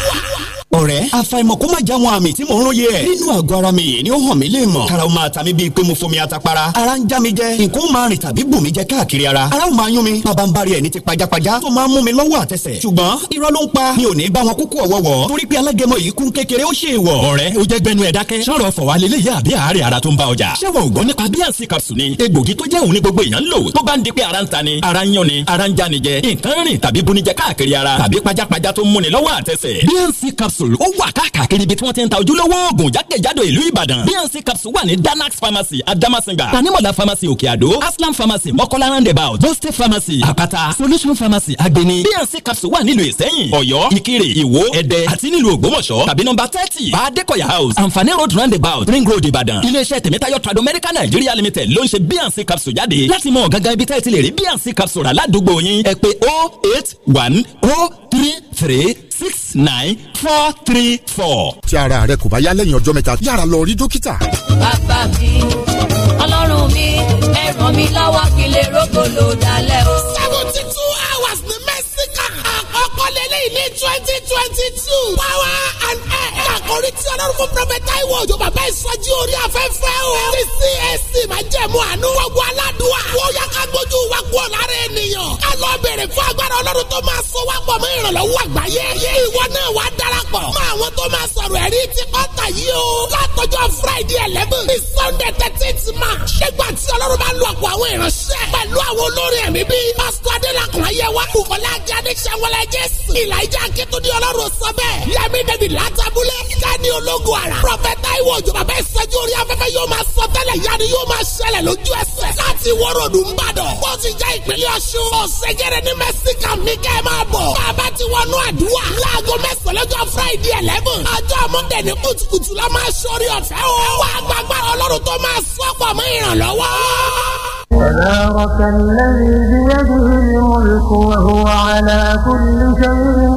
ọ̀rẹ́ àfàìmọ̀ kó má já wọn àmì tí mò ń róye ẹ̀. nínú àgọ́ ara mi yìí ni ó hàn mí lè mọ̀. karaw máa ta mi bíi pé mo fomi atapara. ara ń já mi jẹ nǹkan máa rìn tàbí bù mí jẹ káàkiri ara. ara ó máa yún mi mi pabambari ẹni ti pajápajá tó máa ń mú mi lọ́wọ́ àtẹsẹ̀ ṣùgbọ́n irọ́ ló ń pa mi ò ní bá wọn kúkú ọ̀wọ́wọ́ torí pé alágẹmọ yìí kún kékeré ó ṣe é wọ̀. ọ̀rẹ́ o jẹ́ gbẹnu ẹ̀ dákẹ́ sọ̀rọ̀ fọ̀ wá lélẹ́ yá àbí àárẹ̀ ara tó ń bá ọjà. ṣẹ́wọ̀ ògbọ́n nípa bíyànsì capsule ni egbògi tó jẹ́ òun ní gbogbo èèyàn ń lò tó bá ń di pé ara ń ta ni ara ń yan ni ara ń já ni jẹ nǹkan rìn tàbí bunijẹ káàkiri ara tàbí pajápajá tó ń múni lọ́wọ́ àtẹsẹ̀. bíyànsì capsule ó wà káàkiri ibi tí wọ́n ti ń ta ojúlówó oògùn jákèjádò ìlú ìbàdàn bíyànsì capsule wà ní danax pharmacy adamasinga tanimola pharmacy òkè àdó aslam pharmacy mọ́kọ́lá roundabout boste pharmacy pharmacy àpáta solution pharmacy agbeni bnc capsule wà nílùú ìsẹ́yìn ọ̀yọ́ ìkirè ìwó ẹ̀dẹ́ àti nílùú ògbómọ̀ṣọ́ tàbí nọ́mbà thirty bá adékọ̀yà house àǹfààní road roundabout ring road ìbàdàn iléeṣẹ́ tèmítáyọ̀ tradomedical nigeria limited ló ń ṣe bnc capsule jáde láti mọ gangan ibi tẹ́ẹ̀ ti lè rí bnc capsule rà ládùúgbò yín ẹ pè oh eight one oh three three six nine four three four. tí ara rẹ kò bá yá lẹ́yìn ọjọ́ mẹ́ta yára lọ rí dókítà. bàbá mi ọlọ́run mi ẹ̀rọ mi láwá kí lè rógolo dalẹ̀ o. seventy two yìí ní twenty twenty two power and air. àkòrí tí ọlọ́run fún prophet Taiwo Òjó bàbá ìsọjí orí afẹ́fẹ́ o. csc máa jẹ̀mú àánú. gbogbo aládùúwà. ó yá ká gbójú wa kú ọ̀lára ènìyàn. ká lọ bèrè fún agbára ọlọ́run tó máa so wá pọ̀ mọ́ ìrànlọ́wọ́ àgbáyé. ìwọ náà wá darapọ̀. mọ àwọn tó máa sọ̀rọ̀ ẹ̀rí ti kọ́ta yìí o. látọjọ́ friday eleven ní sunday thirteenth march. nígbà tí ọlọ́run bá lu ọ̀pọ̀ àwọn ìránṣẹ́. pẹ̀lú àwọn olórin ẹ̀mí bíi pásítọ̀ adélakùn ayẹwa. bukola jẹ́ adéṣẹ́wọlẹ́ jésù. ìl elijah akitunde ọlọ́run sọ bẹ́ẹ̀ yẹmi dẹbi latabule kẹ́ni ológun ara prọfẹta iwọ òjò bàbá ìsẹ́jú orí afẹ́fẹ́ yóò máa sọ tẹ́lẹ̀ yanni yóò máa ṣẹlẹ̀ lójú ẹsẹ̀ láti wọ́rọ̀dù ńbàdàn bó ti jẹ́ ìpínlẹ̀ ọ̀ṣun ọ̀sẹ̀gẹ̀rẹ̀ ní mẹ́síkà mi kẹ́ ẹ máa bọ̀ bàbá ti wọnú àdúrà láago mẹ́sàn-án lọ́jọ́ friday eleven ọjọ́ monday ní kùtùkùtù la máa ṣorí ọ̀fẹ́ o wà gbàgbà ọlọ́run tó máa تبارك الذي بيده الملك وهو على كل شيء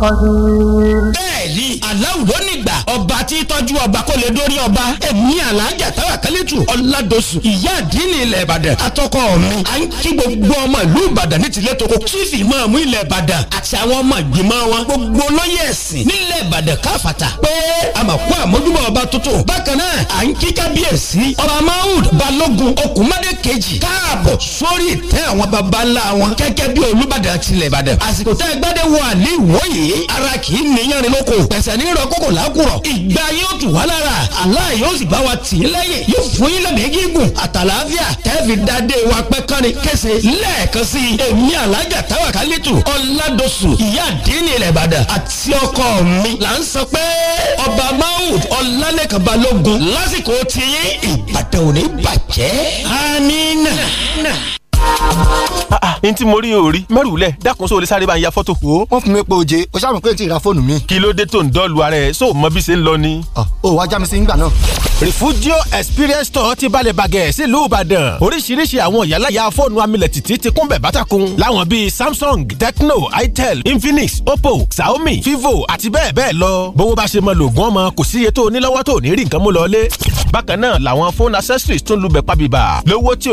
قدير. bẹ́ẹ̀ni aláwọ ọba tí tọ́jú ọba kó lè dórí ọba èmi alájà táwàkálẹ̀tù ọ̀làdọ̀sù ìyá àdínì ilẹ̀ ìbàdàn atọ́kọ mi à ń kí gbogbo ọmọ ìlú ìbàdàn ní tìlẹ̀ tó kó kífì máa mú ilẹ̀ ìbàdàn àti àwọn ọmọ ìgbìmọ̀ wọn gbogbo lóyè ẹ̀sìn nílẹ̀ ìbàdàn káfàtà pé àmàkú àmójúbọ̀ ọba tuntun bákan náà à ń kí kábíyèsí ọba mahud balógun okùnmádé kejì káàbọ̀ sórí ìtẹ́ àwọn baba ńlá wọn gẹ́gẹ́ bí olúbàdàn tilẹ̀ ìbàdàn àsìkò tẹ́ gbádẹ́ àlè ìwọ́ yìí ara kì í níyànjú lóko pẹ̀sẹ̀ ní ìrọ̀kókò lákùrọ̀ ìgbà yóò tù wá lára Allah yóò sì bá wa tì í lẹ́yìn yóò fún yín lẹ́mìí gígùn àtàlàáfíà tẹ́ẹ̀fì dáadé wa pẹ́ kánni kése lẹ́ẹ̀kan sí i èmi alájà táwa kálítù ọ̀làdọ̀sù ìyá àdínní ilẹ̀ ìbàdàn àti ọkọ mi là ń sọ pé ọba mahud ọ̀làlẹ́kan balógun lásìkò tiyín ìbàdàn ò ní bàjẹ́. amínà. Ah, ah, n tí mo rí o rí mẹ́rùlẹ̀ dákun sóò lè sáré bá ń ya fọ́tò. wo wọn fún mi pé oje o ṣàmì pé n ti ra fóònù mi. kí ló dé tó ń dọ́ọ̀lù ara ẹ̀ sóò mọ bí ṣe ń lọ ni. ọ ah, wá já mi sí ngbà náà. Refugio Experience Store ti balẹ̀ bàgẹ́ sílùú Ìbàdàn oríṣiríṣi àwọn ìyálàyà fóònù amílẹ̀ ti kún bẹ̀ bátakùn láwọn bíi Samsung Tecno Itel Infinix Oppo Xiaomi Vivo àti bẹ́ẹ̀ bẹ́ẹ̀ lọ bówó bá ṣe mọ lògùn ọmọ kò sí iye tó ní lọ́wọ́ tó ní rí nǹkan mú lọlé bákan náà làwọn fóònù accessories tún lubẹ̀ pàbíbà lówó tí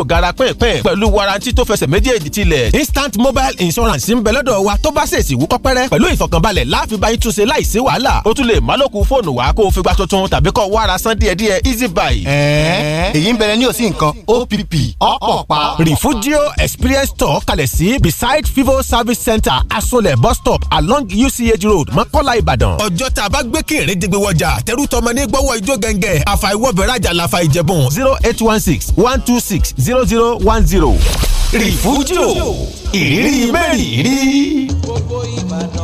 warranty pọ́lísì tó fẹsẹ̀ méjèèjì tilẹ̀ instant mobile insurance ń bẹ lọ́dọ̀ wa tó bá ṣèṣì wú kọ́pẹ́rẹ́ pẹ̀lú ìfọ̀kànbalẹ̀ láàfin bá yín túnṣe láìsí wàhálà ó tún lè má lókun fóònù wa kó o fi gba tuntun tàbí kọ́ wàrà san díẹ̀díẹ̀ easy buy. ẹ̀ẹ́ èyí ń bẹ̀rẹ̀ ní òsì nǹkan OPP ọ̀pọ̀ pa. Refugio Experience Store kalẹ̀ sí beside Vivo Service Center Asolẹ̀ bus stop along UCH Road Mọ́kọ́lá Ìbàdàn. ọjọ́ tá a bá gbé kéré dégbé wọjà tẹ́rù tọmọ ní gbọ́wọ́ ijó gẹ́ngẹ́ àfàìwọ́bẹ̀rẹ̀ àjàlá àfàìjẹ̀bùn zero eight one six one two six zero zero one zero rìfújò ìrírí mẹ́rìírí. gbogbo Ìbàdàn.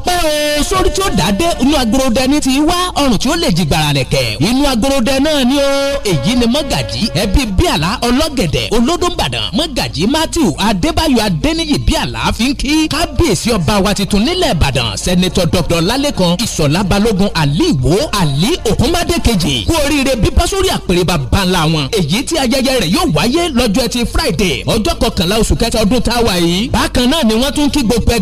ọpẹ́ o sórí tí ó dádé inú agorodẹni ti wá ọrùn tí ó lè jí gbàrà lẹ̀kẹ̀ inú agorodẹ náà ni ó èyí ni mọ́gàjì ẹbí bíàlà ọlọ́gẹ̀dẹ̀ olódùnbàdàn mọ́gàjì matthew adébáyọ̀ adéníyì bíàlà fi ń kí kábíyèsí ọba wa tuntun nílẹ̀ ìbàdàn sẹ́nitọ́ dr lálẹ́kan ìṣọ̀lá balógun àlí ìwó àlí òkúnbádé kejì kú oríire bíbá sórí àpèrè bàbá ńlá wọn èyí tí ayẹyẹ rẹ̀ yóò wáyé lọ́jọ́ ẹtì friday ọjọ́ kọkànlá oṣù kẹta ọdún táwa yìí bákan náà ni wọ́n tún kí gbogbo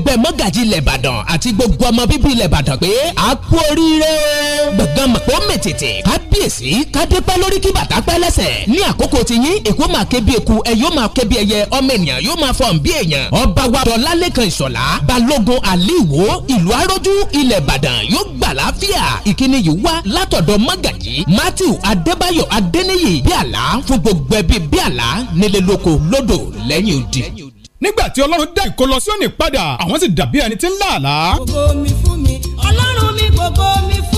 gbogbo gbogbo ọmọ bíbí ilẹ̀ ìbàdàn pé a kú oríire o. gbọ̀ngàn mọ̀pọ̀ mẹ̀tẹ̀tẹ̀ kábíyèsí kádépẹ́ lórí kí bàtà pẹ́ lẹ́sẹ̀. ní àkókò ti yín èkó máa ké bí eku ẹ yóò máa ké bí ẹyẹ ọmọ ènìyàn yóò máa fọ̀n bí èèyàn. ọba wa dọ̀lálẹ́kan ìṣọ̀lá balógun àlíwò ìlú arójú ilẹ̀ ìbàdàn yóò gbà láfíà. ìkíni yìí wá látọ̀dọ̀ mọ́gàjì matthew adébáyọ̀ adéníyì bíàlá fún gbogbo ẹbí bíàlá nílé loko lódò lẹ́yìn odi nígbà tí ọlọ́run dá ìkólọ Síónì padà àwọn sì dàbí ẹni tí ń làálàá. gbogbo mi fún mi ọlọ́run mi gbogbo mi fún mi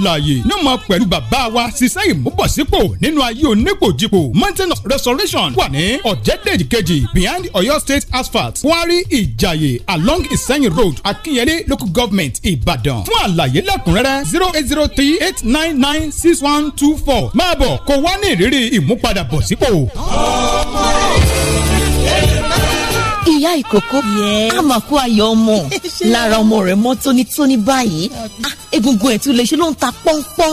alààyè ní ọmọ pẹ̀lú bàbá wa ṣiṣẹ́ ìmúbọ̀sípò nínú ayé onípòjìpò mountain of restoration wà ní ọ̀jẹ̀dẹ̀jì kejì behind Ọ̀yọ́ state asphalt kwari ìjàyè along ìsẹ́yìn road akínyẹlé local government ìbàdàn fún àlàyé lẹ́kùnrẹ́rẹ́ zero eight zero three eight nine nine six one two four máa bọ̀ kó wá ní ìrírí ìmúpadàbọ̀sípò. ọmọ rẹ ìyá ìkókó àmàkù ayọ̀ ọmọ lára ọmọ rẹ̀ mọ́ tónítóní báyìí ah, egungun ẹ̀ tún lè ṣe ló ń ta pọ́npọ́n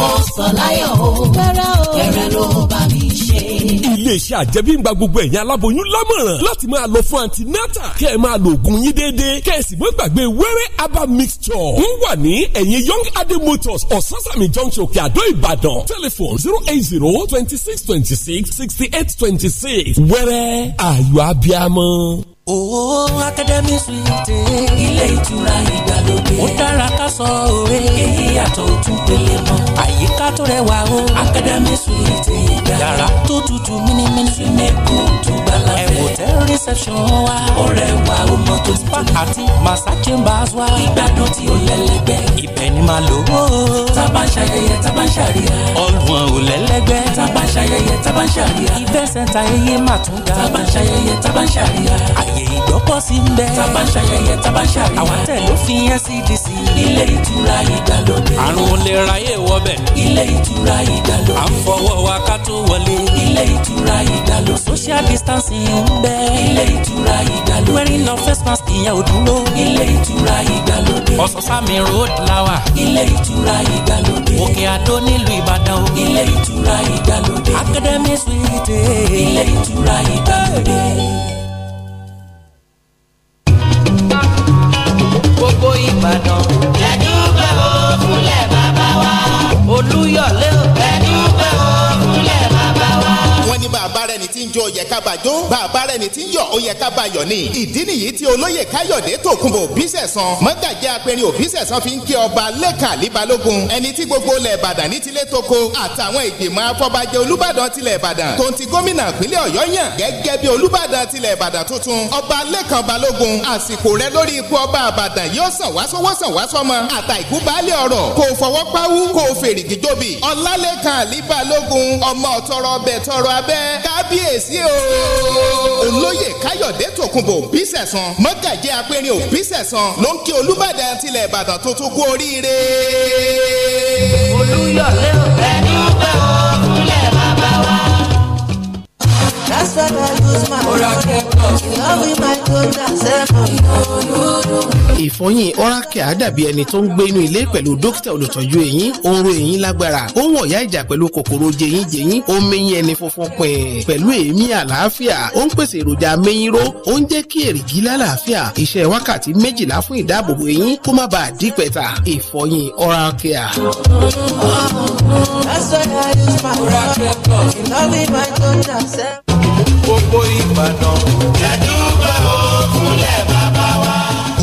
Pọ́sọ̀láyọ̀ o. Rárá o. Ẹ̀rẹ̀ ló bá mi ṣe. Iléeṣẹ́ àjẹmíngba gbogbo ẹ̀yin aláboyún lámọ̀ràn láti máa lọ fún antinata. Kẹ́ ẹ máa lo oògùn yín déédéé. Kẹ́ ẹ sì mọ́ gbàgbé wẹ́rẹ́ herbal mixture. Wọ́n wà ní ẹ̀yìn Young Adé Motors Ososani Junction Kíadó Ìbàdàn. Tẹlifon zero eight zero twenty six twenty six sixty eight twenty six. Wẹ́rẹ́ ayọ̀ abiamọ. Oh, Akademi Suite. Ilé ìtura ìgbàlódé. Ó dára ká sọ òwe. Èyí yàtọ̀ ojú pele mọ́. Àyíká tó rẹwà o. Akademi Suite ìgbà. Yàrá tó tutù mímímí. Súnmẹ́kù tó gbala fẹ́. Ẹ̀wò tẹ́ reception wa. Ọ̀rẹ́ wa ó mọ tó ti tó. Spa àti Massa Chambers wa. Ìgbádùn tí ó lẹ́lẹ́gbẹ́. Ibẹ̀ ni màá lò Tábà ń ṣayẹyẹ, tábà ń ṣàríyá. Ọ̀gbun ò lẹ́lẹ́gbẹ́ tábà ń ṣayẹyẹ tábà ń ṣàríyá. ìfẹsẹ̀ta ẹyẹ mà tún ga. tábà ń ṣayẹyẹ tábà ń ṣàríyá. àyè ìgbọ́pọ̀ sí ń bẹ. tábà ń ṣayẹyẹ tábà ń ṣàríyá. àwọn tẹ̀ ló fi NCDC. E ilé ìtura ìdàlódé. àrùn lè ra yé wọbẹ̀. ilé ìtura ìdàlódé. à ń fọwọ́ wa ká tó wọlé. ilé ìtura ìdàlódé. social distancing ń bẹ. ilé ìtura ìdàlódé. wearing no first mask ìyẹn ò dúró. ilé ìtura ìdàlódé. ọ̀sán sámi road lawa. ilé ìtura àdó nílùú Ìbàdàn o. ilé ìtura ìgbàlódé. academy suite. ilé ìtura ìgbàlódé ń jó yẹ ká bàbá rẹ̀ ni ti ń yọ̀ ó yẹ ká bá yọ̀ ni. ìdí nìyí tí olóyè káyọ̀dé tòkunbọ̀ bísẹ̀sán mọ́gàjì apẹ̀rin òbísẹ̀sán fi ń kí ọba lẹ́kàlí balógun ẹni tí gbogbo ilẹ̀ ìbàdàn ní tilé toko àtàwọn ìgbìmọ̀ afọbajẹ olúbàdàn tilẹ̀ ìbàdàn tó ń ti gómìnà ìpínlẹ̀ ọ̀yọ́ yàn gẹ́gẹ́ bí olúbàdàn tilẹ̀ ìbàdàn tuntun ọba lẹ́kàn balógun àsìkò rẹ lórí ipò ọba àbàdàn yóò sàn wá sówó sàn wá sọmọ àtàìkú baálé ọ̀rọ̀ kò fọwọ́ páwú kò fèrègì kábíyèsí o. olóyè káyọ̀dé tòkunbọ̀ òbí sẹ̀sán mọ́gàjí apẹ́rin òbí sẹ̀sán ló ń kí olúbàdàn tilẹ̀ ìbàdàn tuntun kú oríire. olùyọ̀lé ọ̀fẹ́ ní ọgbà ọ̀kúnlẹ̀ bàbá wa. That's why I lose my money. You love me, my ìfọyín ọ́rákẹ́ dàbí ẹni tó ń gbé inú ilé pẹ̀lú dókítà olùtọ́jú eyín ó eyín lágbára ó ń ìjà pẹ̀lú kòkòrò jẹyínjẹyín ó ń ẹni funfun pin pẹ̀lú èémí àlàáfíà ó ń pèsè èròjà mẹyìnró ó ń jẹ́ kí èrìgì lálàáfíà iṣẹ́ wákàtí méjìlá fún ìdáàbòbò eyín kó má bàa dí pẹ̀ta ìfọyín ọ́rákẹ́ That's why I use my Oracle. Plus. You know me, my daughter gbogbo Ìbàdàn. jẹ́dúgbà ó kúnlẹ̀ bàbá wa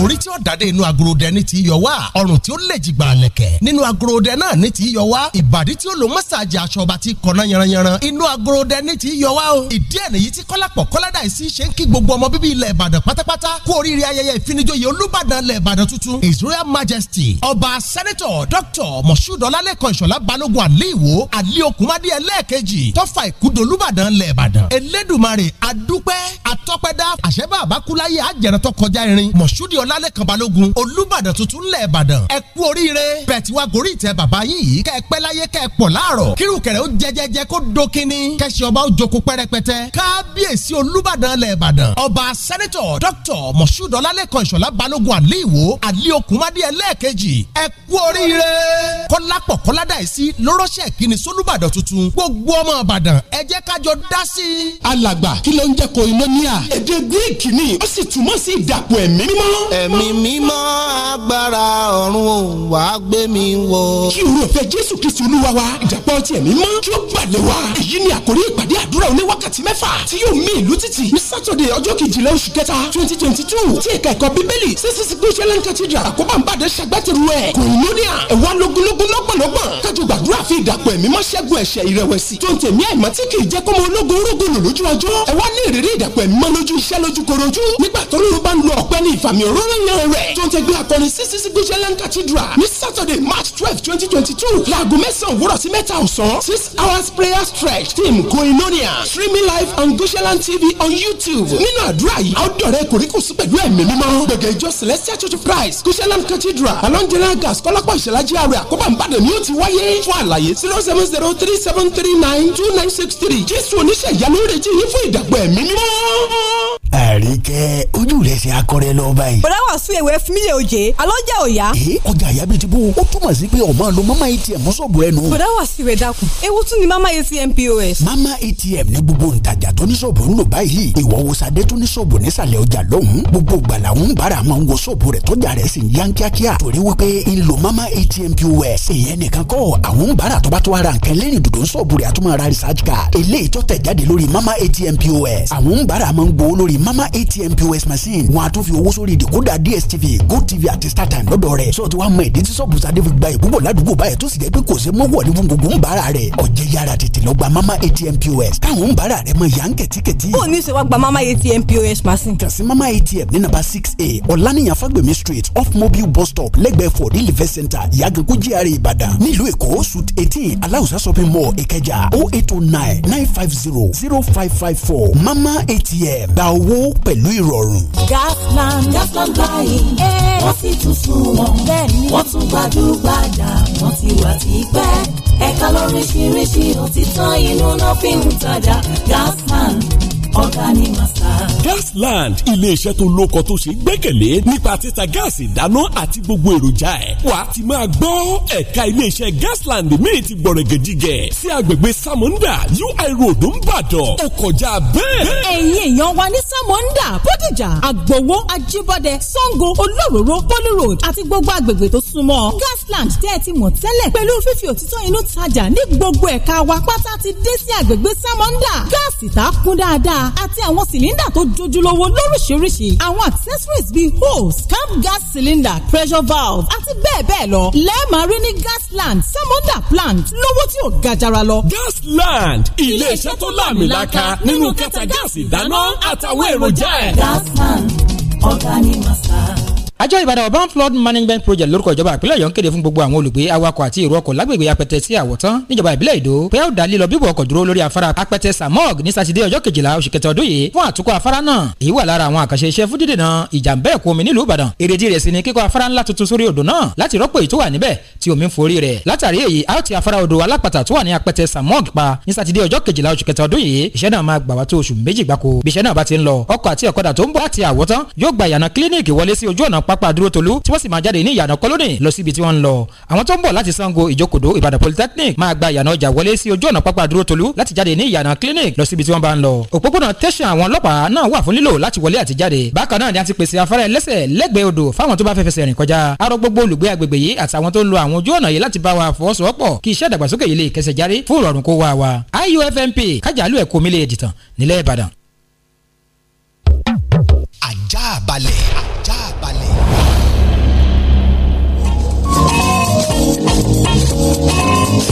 orí tí ó dàdé inú agorodẹ ní ti yọ wá ọrùn tí ó lè jìgbà lẹ̀kẹ̀ nínú agorodẹ náà ní ti yọ wá ìbàdí tí ó lo mọ́sáàjì aṣọ ọba ti kọ̀nà yanranyanran inú agorodẹ ní ti yọ wá o ìdí ẹ̀ nìyí tí kọ́lápọ̀ kọ́ládà ìsí ṣe ń kí gbogbo ọmọ bíbí ilẹ̀ ìbàdàn pátápátá kú oríire ayẹyẹ ìfinijoyè olúbàdàn ilẹ̀ ìbàdàn tuntun his royal majesty ọba sẹ́nẹ́tọ̀ dr moshood ọlálẹ́kan ìṣọ̀lá balógun àlíwò àlí okùnmádé ẹlẹ́ẹ̀kejì tọ́fà ìkúdò olúbàdàn ilẹ̀ ìbàdàn elédùmarè adúpẹ́ atọ́pẹ́dá àṣẹ́bà àbákúláyé àjẹrẹ́tọ́ kọjá irin moshood ọl ọlálẹ́kan balógun olúbàdàn tuntun lẹ̀ ìbàdàn ẹ kú oríire bẹ́ẹ̀ tí wá gorí ìtẹ́ bàbá yín yìí kẹ́ ẹ pẹ́ láyé kẹ́ ẹ pọ̀ láàrọ̀ kírùkẹ̀rẹ̀ ó jẹjẹjẹ kó dókínní kẹ́sì ọba ó jókòó pẹ́rẹpẹtẹ kábíyèsí olúbàdàn lẹ̀ ìbàdàn ọba sẹ́nẹ́tọ̀ dókítọ̀ mọ̀ṣúd ọlálẹ́kan ìṣọ̀lá balógun àlẹ́ ìwò àlẹ́ okùnmádé ẹlẹ́ẹ̀kejì ẹ kú oríire kọ́lápọ̀ koinonia èdè greek ni ó sì túmọ̀ sí ẹ̀mí mímọ́ agbára ọ̀run òun wá gbé mi wọ. kí oore ọ̀fẹ́ jésù kristu olúwa wa ìdàpọ̀ ti ẹ̀mí mọ́ kí ó balẹ̀ wa. èyí ni àkórí ìpàdé àdúrà oní wákàtí mẹ́fà tí yóò mi ìlú títì ní sátọ̀dé ọjọ́ kejìlá oṣù kẹta twenty twenty two tí ẹ̀ka ẹ̀kọ́ bíbélì ccc gbéṣẹ́lẹ̀ cathedral àkóbá ń bàdé ṣàgbátẹrù ẹ̀ kòlóníà ẹ̀wá lógúnlógún lọ́gbọ̀nlọ́gbọ̀n kájọ gbàdúrà fi ìdàpọ̀ ẹ̀mí mọ́ ṣẹ́gun ẹ̀ṣẹ̀ ìrẹ̀wẹ̀sì tó ń tẹ̀mí àìmọ́ tí kì í jẹ́ kọ́mọ ológun orógùn lò lójú ọjọ́ ẹ̀wá ní ìrírí ìdàpọ̀ ẹ̀mí mọ́ lójú iṣẹ́ lójú korojú nígbà tó lóru bá ń gómìnà rẹ̀ tó ń tẹgbẹ́ akọrin sí sí cathedral ní saturday march twelve twenty twenty two láago mẹ́sàn-án òwúrọ̀ sí mẹ́ta ọ̀sán six hours prayer stretch team koinonia streaming live on Goshenland tv on youtube nínú àdúrà yìí àwọn dọ̀rẹ́ kòríkòsí pẹ̀lú ẹ̀mí mímọ́ gbẹ̀gẹ̀ ìjọ celestial church of christ Goshenland cathedral alonjela gas kọ́lápọ̀ ìṣẹ̀lájí àrẹ àkóbá ìbàdàn ni ó ti wáyé fún àlàyé zero seven zero three seven three nine two nine six three jésù oníṣẹ́ ìyanu rẹ̀ jí yín fún ìdàgbọ́ ẹ̀mí mímọ́ àríkẹ́ ojú rẹ̀ ṣe akọrẹ lọ báyìí. bọ̀dá wà sún ewé fún mi oje alọ́jà òya. ee ọjà àyà bíi ti bó o túmọ̀ sí pé ọmọ lo mama atm mọ́sọ̀bù ẹnu. bọ̀dá wà sí ìwé dákun ewu tún ni mama atm pos. mama atm ní gbogbo ntajà tó ní sọ̀bù ń lò báyìí ìwọ wo sadé tó ní sọ̀bù nísàlẹ̀ ọjà lọ́hùn gbogbo gbala ń bára máa ń wo sọ̀bù rẹ̀ tọ́jà rẹ̀ sì ń yan kíákíá mama atm pos èèyàn nìkan kọ́ àwọn ń bára tó bá tó ara nǹkan lẹ́yìn dòdò sọ̀bù rẹ̀ àtúmọ̀ ara mama atm pos àwọn ń mama mama atm pos machine wọn a tún fi owó sórí ìdìkúdà dstv gotv àti startime lọ́dọ̀ rẹ̀ sọ ti wá mọ ìdí tí sọ́ọ̀bù sadé fi gba ìbúbọ̀ ládùúgbò báyìí tó sì jẹ́ pé kò sí mọ́wọ́ ní gbogbo ń bára rẹ̀ ọ̀jẹ̀ yára tètè lọ gba mama atm pos káwọn ń bára rẹ̀ mọ ìyá ń kẹ̀tíkẹ̀tí. ó ní ìṣèwà gba mama atm pos machine. kàn sí mama atm ní nàbà six a ọ̀lànìyàn fagbemi street off mobile bus stop lẹ́gbẹ̀ẹ́ for delivery center ìyàgànkú GRA ìbàdàn nílùú èkó suit eighteen aláwùsá shopping mall ìkẹjà o oh eight o oh nine nine five zero zero five five four mama atm gba owó náwó pẹ̀lú ìrọ̀rùn. Gasland Gasland báyìí wọ́n sì tún sún wọn wọ́n tún gbajúgbajà wọ́n ti wà tipẹ́ ẹ̀ka lóríṣiríṣi ó ti tán inú náà fi ń tajà Gasland ọ̀gá ni Gasland ilé-iṣẹ́ tó lóko tó ṣe gbẹ́kẹ̀lé nípa títa gáàsì ìdáná àti gbogbo èròjà ẹ̀. Wàá ti máa gbọ́ ẹ̀ka ilé Gasland míì ti gbọ̀rẹ̀gẹ̀dìgẹ̀ sí agbègbè samunda UI Road Ńbàdàn. Ó kọjá bẹ́ẹ̀. Ẹ̀yin èèyàn wa ní Samonda, Bódìjà, Àgbòwó, Ajíbọ́dẹ, Sango, Olóròró, Poli Road àti gbogbo agbègbè tó súnmọ́. Gasland tẹ́ ẹ ti mọ̀ tẹ́lẹ̀ pẹ̀lú fífi òtítọ́ inú tajà ní gbogbo ẹ̀ka wa pátá ti dé sí agbègbè Samonda. Gáàsì tá a kún dáadáa dára àti àwọn sìlíndà tó jojúlówó lóríṣiríṣi àwọn accessories bíi hose camp gas cylinder pressure valve àti bẹ́ẹ̀ bẹ́ẹ̀ lọ lẹ́ẹ̀ma rí ní gasland samonda plant lówó tí ò ga jara lọ. gasland ilé-iṣẹ́ tó láàmìlaka nínú kẹta gáàsì ìdáná àtàwọn èròjà ẹ̀. gasland ọ̀gá ni màsà àjọ ìbàdàn urban flood management project lórúkọ ìjọba àpilẹ̀ ọ̀yọ́ ń kéde fún gbogbo àwọn olùgbé awakọ̀ àti èrò ọkọ̀ lágbègbè apẹtẹ sí àwọ̀tán níjọba ìbílẹ̀ ìdó pé ó dá lílọ bíbọ̀ ọkọ̀ dúró lórí afárá apẹtẹ samog ní sátidé ọjọ́ kejìlá oṣù kẹta ọdún yìí fún àtúkọ̀ afárá náà èyí wà lára àwọn àkànṣe iṣẹ́ fún dídènà ìjàmbá ẹ̀kún omi nílùú ìbàdàn ni kíkọ́ afárá ńlá tuntun sórí odò náà láti rọ́pò èyí tó wà níbẹ̀ tí omi ń forí rẹ̀ látàrí èyí a ó ti afárá odò alápàtà tó wà ní apẹtẹ samog pa ní sátidé ọjọ́ kejìlá oṣù kẹta ọdún yìí iṣẹ́ náà máa gbà wá tó oṣù méjì gbáko bí iṣẹ́ náà bá ti ń lọ ọkọ̀ àti ọ̀kadà tó ń bọ̀ láti àwọ̀tán pápá dúró tolú tí wọ́n sì máa jáde ní ìyànà kọ́lónì lọ síbi tí wọ́n ń lọ àwọn tó ń bọ̀ láti Sango ìjókòdó Ìbàdàn polytechnic máa gba ìyànà ọjà wọlé sí ojú ọ̀nà pápá dúró tolú láti jáde ní ìyànà clinic lọ síbi tí wọ́n bá ń lọ òpópónà tẹ̀sán àwọn ọlọ́pàá náà wà fún lílò láti wọlé àti jáde bákan náà ni a ti pèsè afárá ẹlẹ́sẹ̀ lẹ́gbẹ̀ẹ́ odò fáwọn tó bá fẹ́ fẹsẹ̀ rìn kọjá arọ gbogbo olùgbé agbègbè yìí àtàwọn tó ń lo àwọn ojú ọ̀nà yìí láti bá wa fọwọ́sowọ́pọ̀ kí iṣẹ́ ìdàgbàsókè yìí lè kẹsẹ̀ járí fún ìrọ̀rùn kó wá wa IUFMP kájàlú ẹ̀kọ́ mi lè dìtàn nílẹ̀ Ìbàdàn. Àjààbalẹ̀.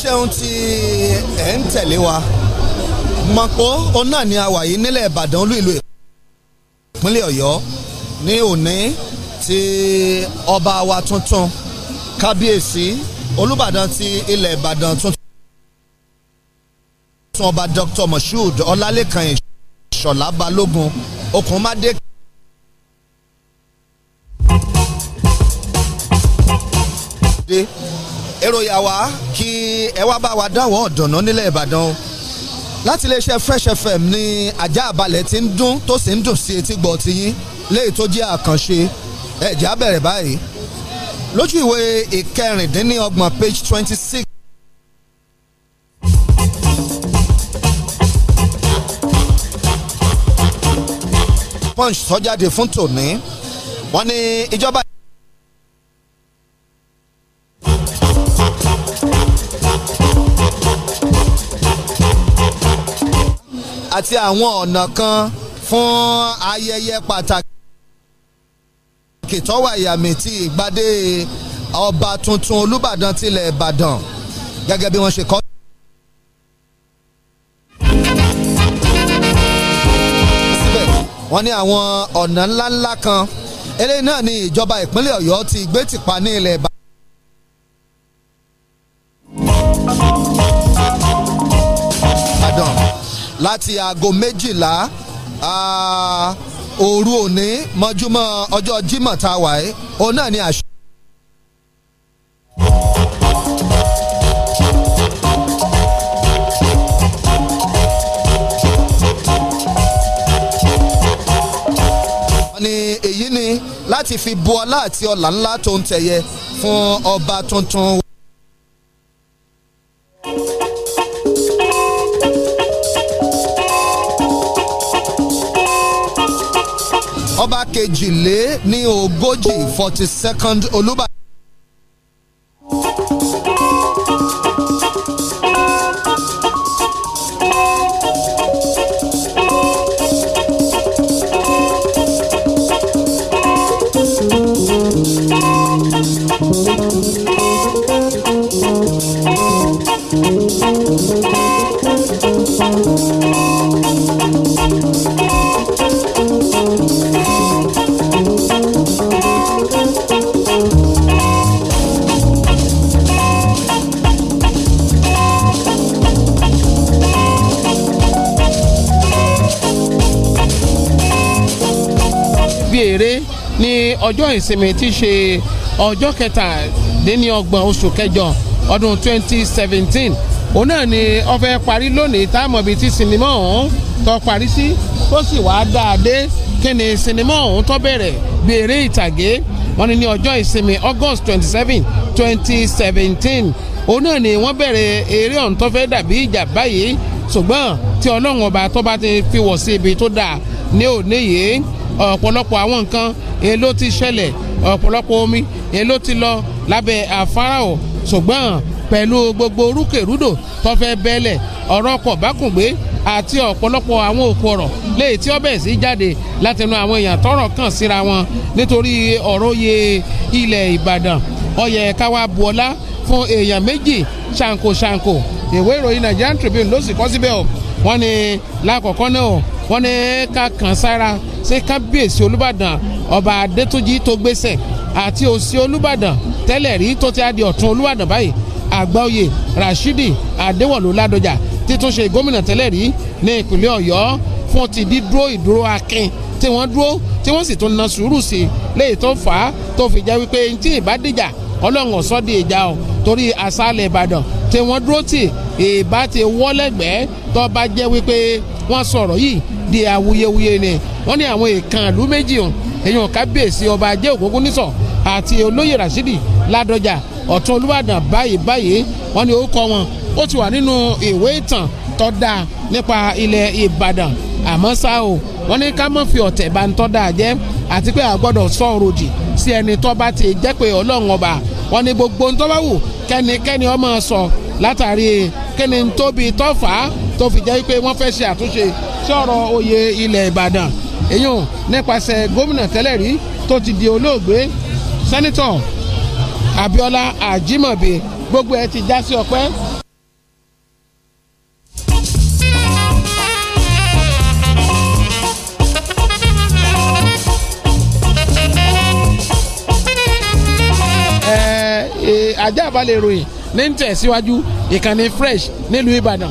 ṣeun tí ẹ̀ ń tẹ̀lé wa mọ̀ pé òun náà ni a wà yìí nílẹ̀ Ìbàdàn olú ìlú ìpínlẹ̀ Ọ̀yọ́ ní òní ti ọba wa tuntun kábíyèsí Olúbàdàn ti ilẹ̀ Ìbàdàn tuntun ọba Dr. Moshood Ọlálékan Ìṣọ̀lá Balógun Okùnmádé dé èrò ìyàwá kí ẹ wá bá wa dáwọ́ ọ̀dọ̀nà nílẹ̀ Ìbàdàn o láti iléeṣẹ́ Fresh FM ni ajá àbálẹ̀ tí ń dún tó sì ń dùn sí etí gbọ́ ti yín léyìí tó jẹ́ àkànṣe ẹ̀jẹ̀ á bẹ̀rẹ̀ báyìí lójú ìwé ìkẹrìndínlọ́gbọ̀n page twenty six. punch sọ jáde fún tòní wọ́n ní ìjọba. àti àwọn ọ̀nà kan fún ayẹyẹ pàtàkì tọ́wà ìyàmì ti ìgbàdé ọba tuntun Olúbàdàn tilẹ̀ Ìbàdàn gẹ́gẹ́ bí wọ́n ṣe kọ́. wọ́n ní àwọn ọ̀nà ńláńlá kan eléyìí náà ni ìjọba ìpínlẹ̀ Ọ̀yọ́ ti gbé tìpa ní ilẹ̀ Ìbàdàn. láti aago méjìlá òru òní mọ́júmọ́ ọjọ́ Jímọ̀ tá a wà ẹ́ òun náà ni àṣẹ. ni èyí ni láti fi bu ọlá àti ọlà ńlá tó ń tẹ̀yẹ fún ọba tuntun. ọba kejìlé ní ogójì forty second olúbàdàn. ọjọ́ ìsinmi ti ṣe ọjọ́ kẹtàdínlọ́gbọ̀n oṣù kẹjọ ọdún 2017 òun náà ni ó fẹ́ parí lónìí táàmù bíi ti sinimá ọ̀hún tó parí sí tó sì wáá dáadé kí ni sinimá ọ̀hún tó bẹ̀rẹ̀ bèrè ìtàgé wọ́n ní ní ọjọ́ ìsinmi August 27 2017 òun náà ni wọ́n bẹ̀rẹ̀ eré ọ̀hún tó fẹ́ dàbí ìjà báyìí ṣùgbọ́n tí ọlọ́run ọba tó bá ti fi wọ̀ sí ibi tó dáa ní òní yìí ọ̀pọ̀lọpọ̀ àwọn nǹkan èyí ló ti ṣẹlẹ̀ ọ̀pọ̀lọpọ̀ omi èyí ló ti lọ lábẹ́ àfáráwọ̀ ṣùgbọ́n pẹ̀lú gbogbo orúkèrúdò tó fẹ́ bẹ́lẹ̀ ọ̀rọ̀ ọkọ̀ bákùngbé àti ọ̀pọ̀lọpọ̀ àwọn òkú ọ̀rọ̀ léyìí tí ó bẹ̀rẹ̀ sí jáde látẹnu àwọn èèyàn tọ́rọ̀ kàn síra wọn nítorí ọ̀rọ̀ oyè ilẹ̀ Ìbàdàn ó yẹ bu ọlá fún èèyàn méjì ṣàǹkóṣàǹkó ìwé ìròyìn Nigerian Tribune ló sì kọ́ síbẹ̀ o wọ́n ní lákọ̀ọ́kọ́ náà o wọ́n ní ká kàn sára sí kábíyèsí Olúbàdàn ọba Adétúnjì tó gbéṣẹ̀ àti òsì Olúbàdàn tẹ́lẹ̀ rí tó ti adi ọ̀tún Olúbàdàn báyìí àgbáòye Rashidi Adéwọ̀lú Ládọjà títúnṣe gómìnà tẹ́lẹ̀ rí ní ìpínlẹ̀ Ọ̀yọ́ fún ti dídúró ìdúró akin tí wọ́n dúró tí wọ́n sì tún na sùúrù sí i léyìí tó fà á tó fi jẹ́ wípé ntí ìbádìjà ọlọ́run ọ̀sọ́ di ìjà o torí àṣálẹ̀ Ìbàdàn tí wọ́n dúró tì ìbá ti wọ́lẹ́gbẹ́ẹ́ tó bá jẹ́ wípé wọ́n sọ̀rọ̀ yìí di awuyewuye ni wọ́n ní àwọn èèkàn ìlú méjì hàn èèyàn kábíyèsí ọba ajé ògógún nísọ̀ àti olóyè Rashidi Ládọjà ọ̀tún Olúbàdàn báyìí báyìí wọ́n ní orúkọ wọn ó ti wà nínú ìwé ìtàn tó dáa nípa ilẹ̀ Ìbàdàn àmọ́ ṣá o wọ́n ní ká má fi ọ̀tẹ̀ bá ń tó jẹ́ àti pé a gbọ́dọ̀ sọ òròdì sí ẹni tó bá ti jẹ́ pé Ọlọ́run ọba wọ́n ní gbogbo ń tó bá wù kẹ́nikẹ́ni ọmọ sọ látàrí kíni tóbi tọ́fà tó fi jẹ́ pé wọ́n fẹ́ ṣe àtúnṣe sí ọ̀rọ̀ oyè ilẹ̀ Ìbàdàn èyàn nípasẹ̀ gómìnà tẹ́lẹ̀ rí tó ti di olóògbé sẹ́nitọ̀ abiola Àjímọ̀bí gbogbo ẹ ti já sí ọpẹ́ ajá balẹ̀ ìròyìn ní ń tẹ̀síwájú ìkànnì fresh nílùú ìbàdàn.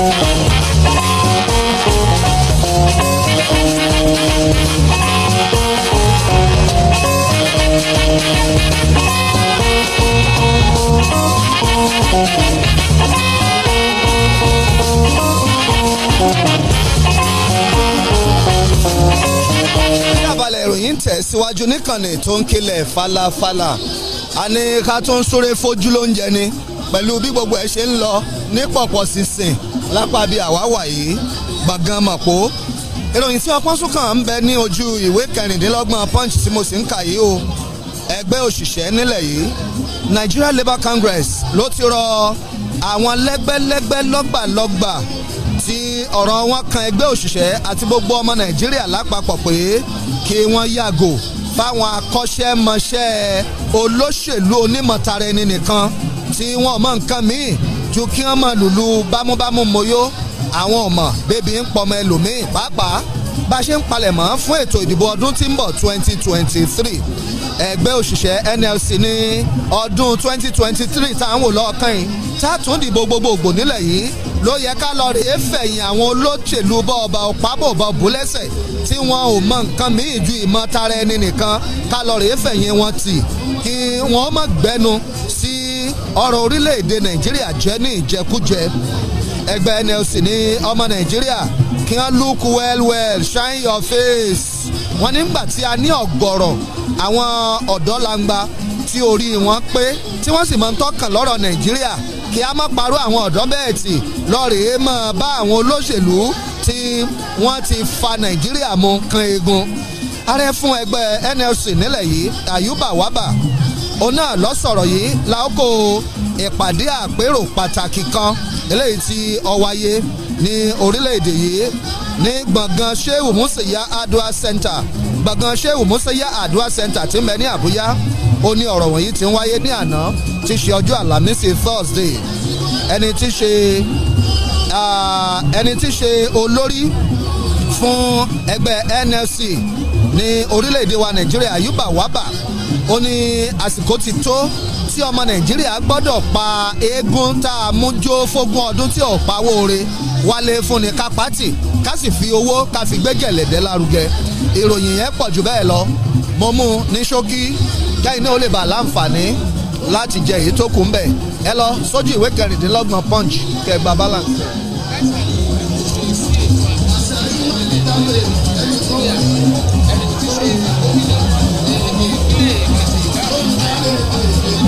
Thank you. ìjábalẹ̀ ìròyìn tẹ̀síwájú níkànnì tó ń kilẹ̀ falafala àní ká tó ń súré fojú lóúnjẹ ni pẹ̀lú bí gbogbo ẹ̀ ṣe ń lọ ní pọ̀pọ̀ sísìn lápá bíi àwáwà yìí gbọ̀ngàn mọ̀pó ìròyìn tí ọpọ́n súnkàn ń bẹ ní ojú ìwé kẹrìndínlọ́gbọ̀n punch tí mo sì ń kà yìí o ẹgbẹ́ òṣìṣẹ́ nílẹ̀ yìí Nigeria Labour Congress ló ti rọ àwọn lẹ́gbẹ́lẹ́gbẹ́ lọ́gbàlọ́gbà tí ọ̀rọ̀ wọn kan ẹgbẹ́ òṣìṣẹ́ àti gbogbo ọmọ Nàìjíríà lápapọ̀ pé kí wọ́n yàgò fáwọn akọ́ṣẹ́mọṣẹ́ olóṣèlú onímọ̀tara ẹni nìkan tí wọ́n mọ nǹkan míì ju kí wọ́n mọ lùlù bámúbámú mọ́yó àwọn ọmọ bébí ń pọmọ ẹlòmíì pàápàá bá a ṣe ń palẹ̀mọ́ fún ètò ìdìbò ọdún tí ń bọ̀ 2023 ẹgbẹ́ òṣìṣẹ́ NLC ní ọdún 2023 tá à ń wò lọ́ọ̀kan yìí tá a tún dìbò gbogbogbò nílẹ̀ yìí ló yẹ ká lọ rèé fẹ̀yìn àwọn olóṣèlú bọ́ọ̀bà òpábòbọ̀ búlẹ́sẹ̀ tí wọn ò mọ nǹkan míì ju ìmọ̀ tara ẹni nìkan ká lọ rèé fẹ̀yìn wọn tì kí wọ́n má gbẹnu sí ọ̀rọ̀ orílẹ̀-èdè Nàìjíríà jẹ́ ní ìjẹkújẹ ẹgbẹ́ NLC ní ọmọ Nàìjíríà kí wọ́n look well well shine your face wọ́n nígbà tí a ní ọ̀gọ̀rọ̀ àwọn ọ̀dọ́ langba tí orí wọn pé tí wọ́n sì máa ń tọkàn lọ́rọ̀ nàìjíríà kí a má parọ́ àwọn ọ̀dọ́ bẹ́ẹ̀ tì lọ́ọ̀rẹ́ máa bá àwọn olóṣèlú tí wọ́n ti fa nàìjíríà mu kan eegun ààrẹ fún ẹgbẹ́ NLC nílẹ̀ yìí Ayuba Waba òun náà lọ sọ̀rọ̀ yìí láòkó ìpàdé àpérò pàtàkì kan eléyìí tí ó wáyé ní orílẹ̀-èdè yìí ní gbọ̀ngàn Shehu Museya Adua Center gbọ̀ngàn Shehu Museya Adua Center tí ń bẹ ní Àbújá ó ní ọ̀rọ̀ wọ̀nyí tí ń wáyé ní àná tí ṣe ọjọ́ àlàmísì Thursday ẹni tí ṣe ẹni tí ṣe olórí fún ẹgbẹ́ NLC ní orílẹ̀-èdè wa Nàìjíríà yuba Waba ó ní àsìkò ti tó tí ọmọ Nàìjíríà gbọ́dọ̀ pa eégún tá a mú jó fógún ọdún tí ò pawó re wálé fúnni kápátì ká sì fi owó ká fi gbẹ́gẹ̀lẹ̀dẹ́ lárugẹ ìròyìn yẹn pọ̀ jù bẹ́ẹ̀ lọ mo mú un ní ṣókí kẹ́yìn náà ó lè bà láǹfààní láti jẹ èyí tó kù ń bẹ̀ ẹ lọ sójú ìwé kẹrìndínlọ́gbọ̀n punch kẹgbà balance.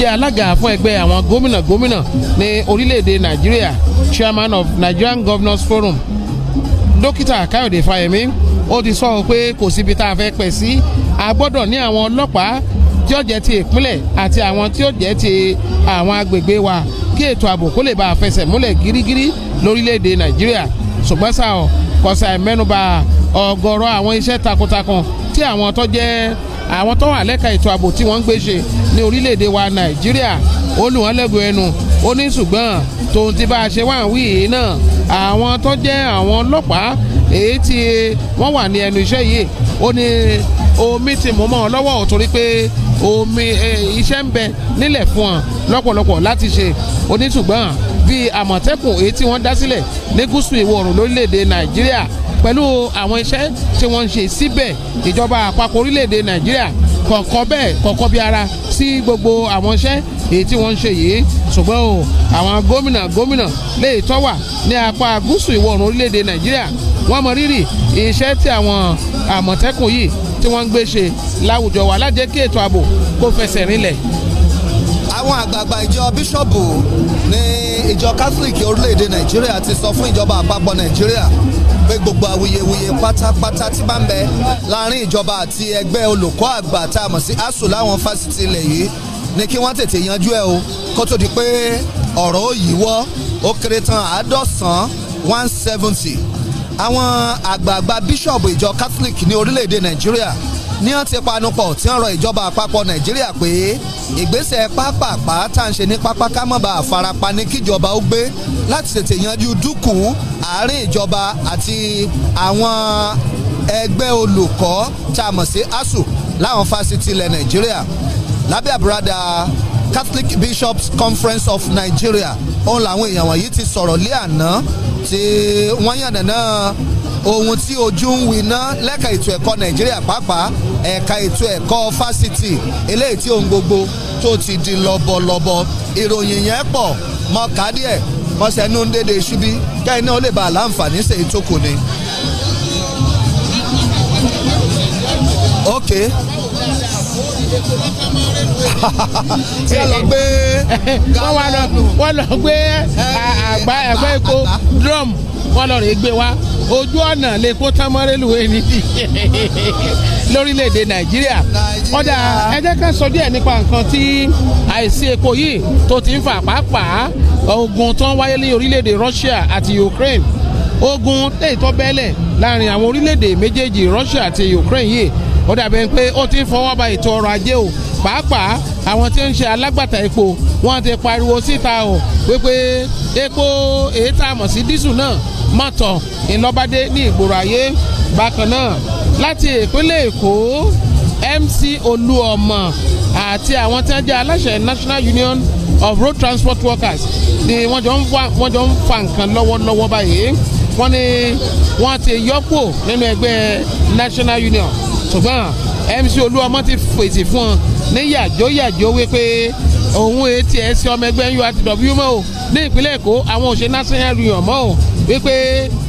jẹ́ alága fún ẹgbẹ́ àwọn gómìnà gómìnà ní orílẹ̀-èdè nàìjíríà chairman of Nigerian Governors Forum dókítà káyọ̀dé fáyemí ó ti sọ pé kò síbi tá a fẹ́ pẹ̀ sí a gbọ́dọ̀ ní àwọn ọlọ́pàá tí ó jẹ́ ti ìpínlẹ̀ àti àwọn tí ó jẹ́ ti àwọn agbègbè wa kí ètò ààbò kó lè bá a fẹsẹ̀ múlẹ̀ gírígírí lórílẹ̀‐èdè nàìjíríà ṣùgbọ́n sá ọ kọsà mẹ́nubà ọ̀gọ̀rọ̀ àwọn iṣẹ́ takuntakun tí àwọn tó jẹ́ àwọn tó wà lẹ́ka ètò ààbò tí wọ́n ń gbé ṣe ní orílẹ̀-èdè wa nàìjíríà olùwọ́nlẹ́gùn ẹnu ó ní ṣùgbọ́n tòun ti bá a ṣe wà ń wí yìí náà àwọn tó jẹ́ àwọn ọlọ́pàá èyí tí wọ́n wà ní ẹnu iṣẹ́ yìí ó ní omi ti mú mọ́ ọ lọ́wọ́ ò torí pé omi iṣẹ́ ń bẹ nílẹ̀ fún ọ lọ́pọ̀lọpọ̀ láti ṣe ó ní ṣùgbọ́n bíi àmọ̀tẹ́kùn èyí tí wọ́n dá sílẹ̀ ní gúúsù ìwọ̀ oòrùn lórílẹ̀‐èdè nàìjíríà pẹ̀lú àwọn iṣẹ́ tí wọ́n ń ṣe síbẹ̀ ìjọba àpapọ̀ orílẹ̀-èdè nàìjíríà kọ̀ọ̀kan bẹ́ẹ̀ kọ̀ọ̀kan bí ara sí gbogbo àwọn iṣẹ́ èyí tí wọ́n ń ṣe yìí ṣùgbọ́n o àwọn gómìnà gómìnà lè tọ́ wà ní apá gúúsù ìwọ̀ oòrùn orílẹ̀-èdè nàìjíríà wọ́n mọ rírì iṣẹ́ tí àwọn àmọ̀tẹ́kùn yìí tí wọ́n ń gbé ṣe láwùjọ wa lájẹ́ kí ètò ààbò kó fẹsẹ̀ rinlẹ̀. àwọn àgbààgbà ìjọ bíṣọ̀bù ní ìjọ catholic orílẹ̀-èdè nàìjíríà ti sọ fún ìjọba àpapọ̀ nàìjíríà pé gbogbo awuyewuye pátápátá tí bá ń bẹ láàrin ìjọba àti ẹgbẹ́ olùkọ́ àgbà tá a mọ̀ sí ASUU láwọn fásitì ilẹ̀ yìí ni kí wọ́n tètè yanjú ẹ̀ o kó tó di pé ọ̀rọ̀ yíwọ́ ó kéré tán àádọ́sán one seventy àwọn àgbààgbà bíṣọ̀bù ìjọ Catholic ní orílẹ̀-èdè Nàìjíríà ní wọ́n ti panupọ̀ tí wọ́n rọ ìjọba àpapọ̀ nàìjíríà pé ìgbésẹ̀ pápápá tá à ń ṣe ní pápá kámọ́ba àfarapa ní kíjọba ó gbé láti tètè yanjú dúkù àárín ìjọba àti àwọn ẹgbẹ́ olùkọ́ tá a mọ̀ sí ASUU láwọn fásitì ilẹ̀ nàìjíríà lábẹ́ àbúradà Catholic Bishops Conference of Nigeria òun làwọn èèyàn wọ̀nyí ti sọ̀rọ̀ lé àná tí wọ́n yànnà náà ohun tí ojú ń winá lẹ́ka ètò ẹ̀kọ́ nàìjíríà pàápàá ẹ̀ka ètò ẹ̀kọ́ fásitì eléyìí tí ohun gbogbo tó ti di lọ́bọ̀lọ́bọ̀ ìròyìn yẹn pọ̀ mọ́ kádìẹ̀ mọ́sẹ̀nú ń dédé ṣubí kẹ́hìn náà ó lè bá àlàǹfààní ṣe ètò kò ní. ok tí a lọ gbé. wọ́n wọ́n lọ gbé àgbá ẹ̀kọ́ èkó drum wọ́n lọ rè é gbé wá ojú ọ̀nà lè kó tán mọ́ rélùwé ni lórílẹ̀‐èdè nàìjíríà ọ̀dà ẹ jẹ́ ká sọ díẹ̀ nípa nǹkan tí àìsí epo yìí tó ti ń fà pàápàá ogun tó ń wáyé ní orílẹ̀‐èdè Russia àti Ukraine ogun lè tó bẹ́lẹ̀ láàrin àwọn orílẹ̀‐èdè méjèèjì Russia àti Ukraine yìí ó dàbẹ̀ pé ó ti ń fọwọ́ ba ètò ọrọ̀ ajé o pàápàá àwọn tí ń ṣe alágbàtà epo wọ́n ti pariwo síta o wípé epo èyí tá a mọ̀ sí dísù náà mọ́tọ̀ ìlọ́bádé ní ìgboro ayé bákan náà láti ìpínlẹ̀ èkó mc olúọmọ àti àwọn tí wọ́n jẹ́ aláṣẹ national union of road transport workers ni wọ́n jọ ń fa wọ́n jọ ń fa nǹkan lọ́wọ́lọ́wọ́ báyìí wọ́n ní wọ́n ti yọ́pò nínú ẹgbẹ́ national union ṣùgbọ́n mc olúọmọ ti fèsì fún wọn ní yàjóyàjó wípé òun etí ẹ sí ọmọ ẹgbẹ́ URTW mọ́ o ní ìpínlẹ̀ Èkó àwọn òṣè national union mọ́ o wípé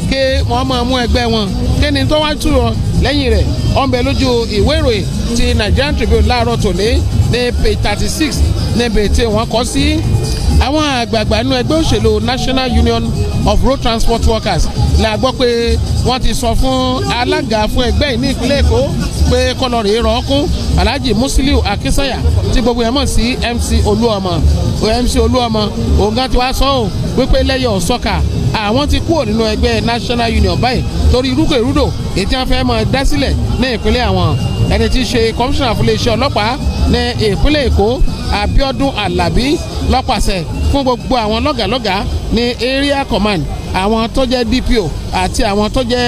ké wọ́n máa mú ẹgbẹ́ wọn kéni tó wá tù wọn lẹ́yìn rẹ̀ ọ̀n bẹ lójú ìwé ìròyìn ti Nigerian Tribune láàárọ̀ tòní ní page thirty six níbi tí wọ́n kọ́ sí àwọn àgbààgbà inú ẹgbẹ́ òṣèlú National Union of Road Transport Workers la gbọ́ pé wọ́n ti sọ fún alága fún ẹgbẹ́ yìí ní ìpínlẹ̀ Èkó pé kọlọrì rọ kún alhaji musiliu akisanya tí gbogbo yẹn mọ̀ sí mc olúọmọ mc olúọmọ òun gan ti wá sọ ọ́ wípé lẹ́yọ̀ sọ́kà àwọn ti kúrò nínú ẹgbẹ́ national union báyìí torí irúkọ ìrúdò èyí tí wọ́n fẹ́ máa dá sílẹ̀ ní ìpínlẹ̀ àwọn ẹni tí í ṣe kọmíṣánná fún iléeṣẹ́ ọlọ́pàá ní ìpínlẹ̀ èkó abiodun alabi lọ́pàṣẹ fún gbogbo àwọn lọ́gàlọ́gà ní area command àwọn tó jẹ́ dpo àti àwọn tó jẹ́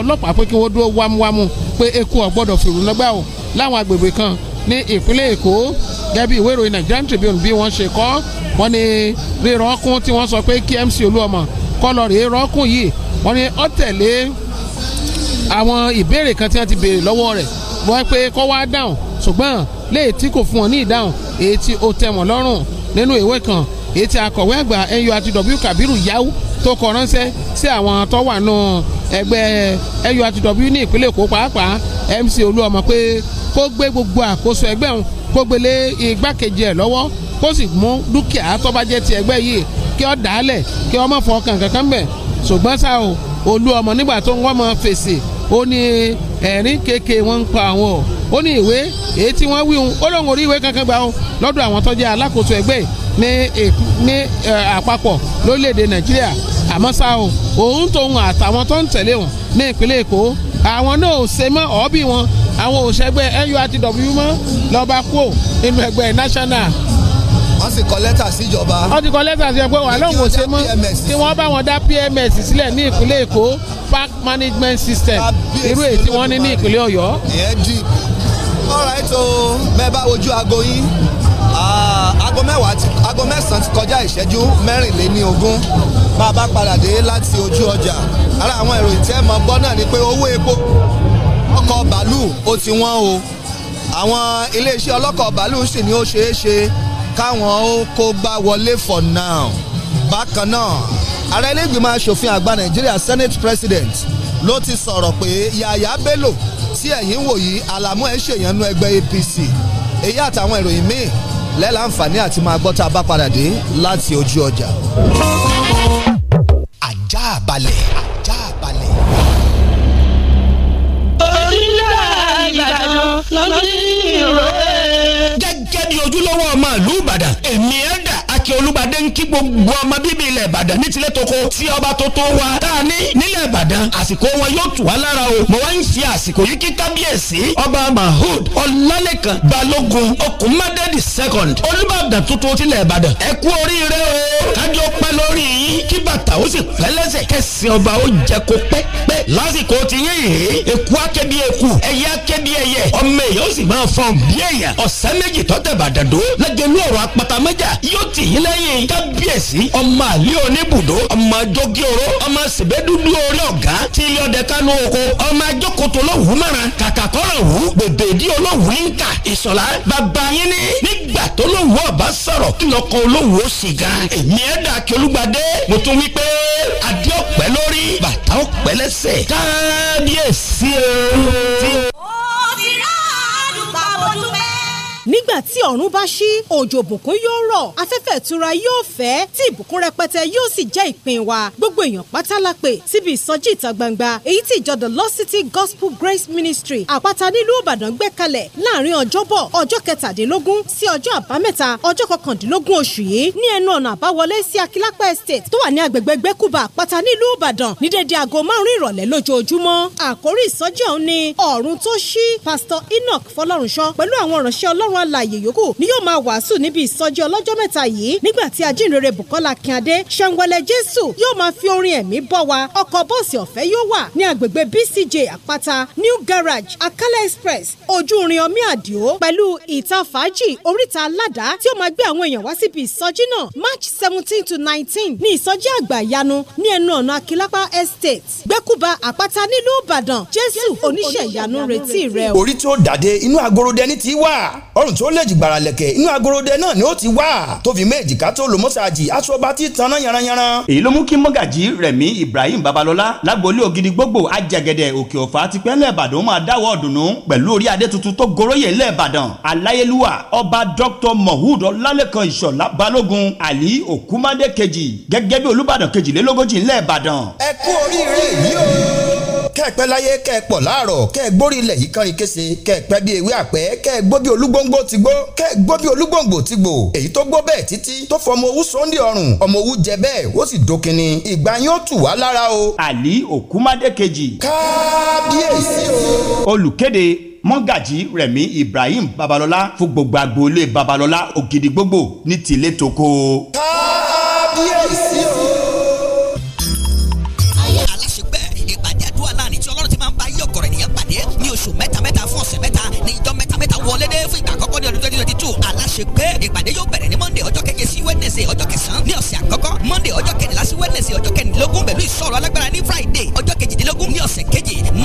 ọlọ́pàá pé kí wọ́n dúró wámúwámú pé eku ọ̀gbọ́dọ̀ fèrú lọ́gbà o láwọn agbègbè kan ní ìpínlẹ̀ èkó gẹ́gẹ́ ìwé ìròyìn Nigerian Tribune bí wọ́n ṣe kọ́ wọ́n ní ríran ọkùn tí wọ́n sọ pé kí MC Olúọmọ kọ́ lọ rèé ran ọkùn yìí wọ́n ní ó tẹ̀lé àwọn ìbéèrè kan tí wọ́n ti béèrè lọ́wọ́ rẹ̀ wọ́n pé kó wá dáhùn ṣùgbọ́n léè tí kò fún wọn ní ìdáhùn èyí tí ó tẹ́ wọn nínú ìwé kan èyí tí akọ̀wé àgbà NURTW Kabiru Yau tó kọ ránṣẹ́ sí àwọn tó wà ẹgbẹ́ NURTW ní ìpínlẹ̀ Èkó pàápàá MC Olúọmọ pé kó gbé gbogbo àkóso ẹgbẹ́ òun kó gbélé igbákejì ẹ̀ lọ́wọ́ kó sì mú dúkìá tó bá jẹ́ ti ẹgbẹ́ yìí kí ó dàálẹ̀ kí ọmọ fọ kankankan bẹ̀ ṣùgbọ́n ṣá o Olúọmọ nígbà tó ń wọ́n mọ fèsì ó ní ẹ̀rín kéèké wọn ń pa àwọn o ó ní ìwé èyí tí wọ́n wíhun ó lóun orí ìwé kankan gbà o lọ́dọ̀ àwọn tó jẹ́ alákòóso ẹgbẹ́ ní àpapọ̀ lórílẹ̀‐èdè Nàìjíríà àmọ́ ṣá o òun tóun àtàwọn tó ń tẹ̀lé wọn ní ìpínlẹ̀ èkó àwọn náà ò ṣe mọ́ ọ̀ọ́bì wọn àwọn òṣègbè nurtw mọ́ lọ́ba kú nínú ẹgbẹ́ national wọ́n sì kọ lẹ́tà síjọba. wọ́n ti kọ lẹ́tà sí ẹgbẹ́ wa lóhùn ṣe mọ́ kí wọ́n bá wọn dá PMS sílẹ̀ ní ìpínlẹ̀ Èkó park management system irú èyí wọ́n ní ní ìpínlẹ̀ Ọ̀yọ́. ìyẹn di all right o mẹ́ẹ̀ bá wojú aago yín. Ah aago mẹ́wàá aago mẹ́sàn-án ti kọjá ìṣẹ́jú mẹ́rìnléní ogún bá a bá padà dé láti ojú ọjà ara àwọn ìròyìn tí ẹ mọ̀ gbọ́ náà ni pé owó epo ọkọ̀ bàálù ó ti wọ́n o àwọn iléeṣẹ́ ọlọ́kọ̀ bàálù sì ni ó ṣeé ṣe káwọn ó kó gbá wọlé for now bákan náà ààrẹ ilé-ìgbìmọ̀ asòfin àgbà nàìjíríà senate president ló ti sọ̀rọ̀ pé yàyà bello tí ẹ̀yin wò yìí àlàmú ẹ̀ ṣèyànnú ẹgbẹ́ apc èyí àtàwọn ìròyìn míì lẹ́làǹfààní àti máa gbọ́ tá a bá padà dé láti ojú ọjà. ajá balẹ̀ ajá balẹ̀. orílẹ̀ Ìbàdàn lọ́dún ìrọ̀lẹ́. gẹ́gẹ́ bí ojúlówó ọmọ ìlú Ìbàdàn èmi ẹ̀ akin olúgbadé ń kí gbogbo ọmọ bíbí ilẹ̀ ìbàdàn ní tilẹ̀ toko tí ọba tó wa tá a ní nílẹ̀ ìbàdàn àsìkò wọn yóò tù wá lára o mo wá ń fi àsìkò yìí kí kábíyèsí ọba mahood ọlálẹ́kan balógun ọkùnmádẹ́dì second olúbàdàn tuntun tilẹ̀ ìbàdàn ẹ kú oríire o kájọ pẹ́ lórí yìí kí bàtà ó sì pẹ́ lẹ́sẹ̀ kẹsì ọba ó jẹ kó pẹ́pẹ́ lásìkò tí yín yìí eku akébí eku ẹyẹ akébí ẹyẹ ọmọ èyàn ó sì máa fọn bí èyàn ọ̀sẹ̀ méjì tọ́tẹ̀ bàdàdó lẹ́gẹ̀lú ọ̀rọ̀ apàtàmẹ́jà yóò tì yín lẹ́yìn kábíyèsí ọmọ àlí oníbùdó ọmọ àjọgí oró ọmọ sèbé dúdú orí ọ̀gá tí ilé ọdẹ kánú oko ọmọ àjọkòtò lọ́wọ́ mọ́ra o tun wi pe ade ope lori bata ope lese nígbà tí ọ̀run bá ṣí òjò bùkún yóò rọ̀ afẹ́fẹ́ ìtura yóò fẹ́ tí ìbùkún rẹpẹtẹ yóò sì jẹ́ ìpín wa gbogbo èèyàn pátá la síbi ìsọjí ìta gbangba èyí tí ìjọ the lost city gospel grace ministry àpáta nílùú ìbàdàn gbé kalẹ̀ láàrin ọjọ́bọ̀ ọjọ́ kẹtàdínlógún sí ọjọ́ àbámẹ́ta ọjọ́ kọkàndínlógún oṣù yìí ní ẹnu ọ̀nà àbáwọlé sí akílápá estate tó wà ní agbègbè gbẹ́kúbà àpáta nílùú ìbàdàn ní dédé aago márùn ìrọ̀lẹ́ lójoojúmọ́ àkórí ìsọjí ọ̀hún ni ọ̀run tó ṣí pastor enoch fọlọ́runṣọ́ pẹ̀lú àwọn ìránṣẹ́ ọlọ́run alàyè ààyè yòókù ni yóò máa wàásù níbi ìsọjí ọlọ́jọ́ mẹ́ta yìí nígbà tí ajínrere Bùkọ́lá Akíndé ṣẹ̀ǹwẹ̀lẹ̀ Jésù yóò máa fi orin ẹ̀mí bọ́ wa ọkọ̀ bọ́ọ̀sì ọ̀fẹ́ yóò wà ní agbègbè BCJ Àpáta New Garage Akala Express ojúrin ọmí àdìo pẹ̀lú ìta fàájì oríta aládàá tí ó máa gbé àwọn èèyàn wá síbi ìsọjí náà March seventeen to nineteen ní ìsọjí àgbà ìyanu ní ẹnu ọ̀nà Akilapa Estate gbẹ́kúba Àpáta nílùú Ìbàdàn Jésù oníṣẹ́ ìyanu retí rẹ o. orí tó dàdé inú agorodẹ ní ti wà ọrùn tó kọ́lẹ́jì gbàràlẹ̀kẹ̀ inú agorodẹ náà ni ó ti wà tó fi méjì ká tó lò mọ́sáàjì aṣọ ọba tí tanná yaranyaran. èyí ló mú kí mọ́gàjì rẹ̀mí Ibrahim Babalọ́lá lágboolé ògidì gbogbo àjẹgẹdẹ òkè ọ̀fà ti pẹ́ lẹ́ẹ̀bàdàn máa dáwọ́ dùnú pẹ̀lú orí adé tuntun tó goróyè lẹ́ẹ̀bàdàn aláyélúwà ọba Dr Mohud ọlálẹ́kan ìṣọ̀lá balógun Ali òkúmádé kejì gẹ́gẹ́ bí Olúbàdàn kejìlélógójì ńlẹ́ẹ̀bàdàn. ẹ kú kẹ́ẹ̀pẹ́ láyé kẹ́ẹ̀pọ̀ láàrọ̀ kẹ́ẹ̀gbórí ilẹ̀ yìí kánrin kése kẹ́ẹ̀pẹ́ bí ewé àpẹ́ kẹ́ẹ̀gbó bí olúgbóngbò ti gbó kẹ́ẹ̀gbó bí olúgbóngbò ti gbò èyí tó gbó bẹ́ẹ̀ títí tó fọmọ owú sóńdì ọrùn ọmọ owú jẹ bẹ́ẹ̀ ó sì dókinni ìgbà yín ó tù wá lára o. àlí òkúmádé kejì. kábíyèsí o. olùkéde mọ́gàjí rẹ̀mí ibrahim babalọ́lá fún gbogbo agboolé babalọ́lá ògidì gbogbo ní tìlé kábíyèsí. wáyé fún ìgbà àkọ́kọ́ ní ọdún twenty twenty two aláṣẹ pé ìpàdé yóò bẹ̀rẹ̀ ní monday ọjọ́ keje sí wednesday ọjọ́ kẹsàn-án ní ọ̀sẹ̀ àkọ́kọ́ monday ọjọ́ kẹrìnlá sí wednesday ọjọ́ kẹrìndínlógún pẹ̀lú ìsọ̀rọ̀ alágbára ní friday ọjọ́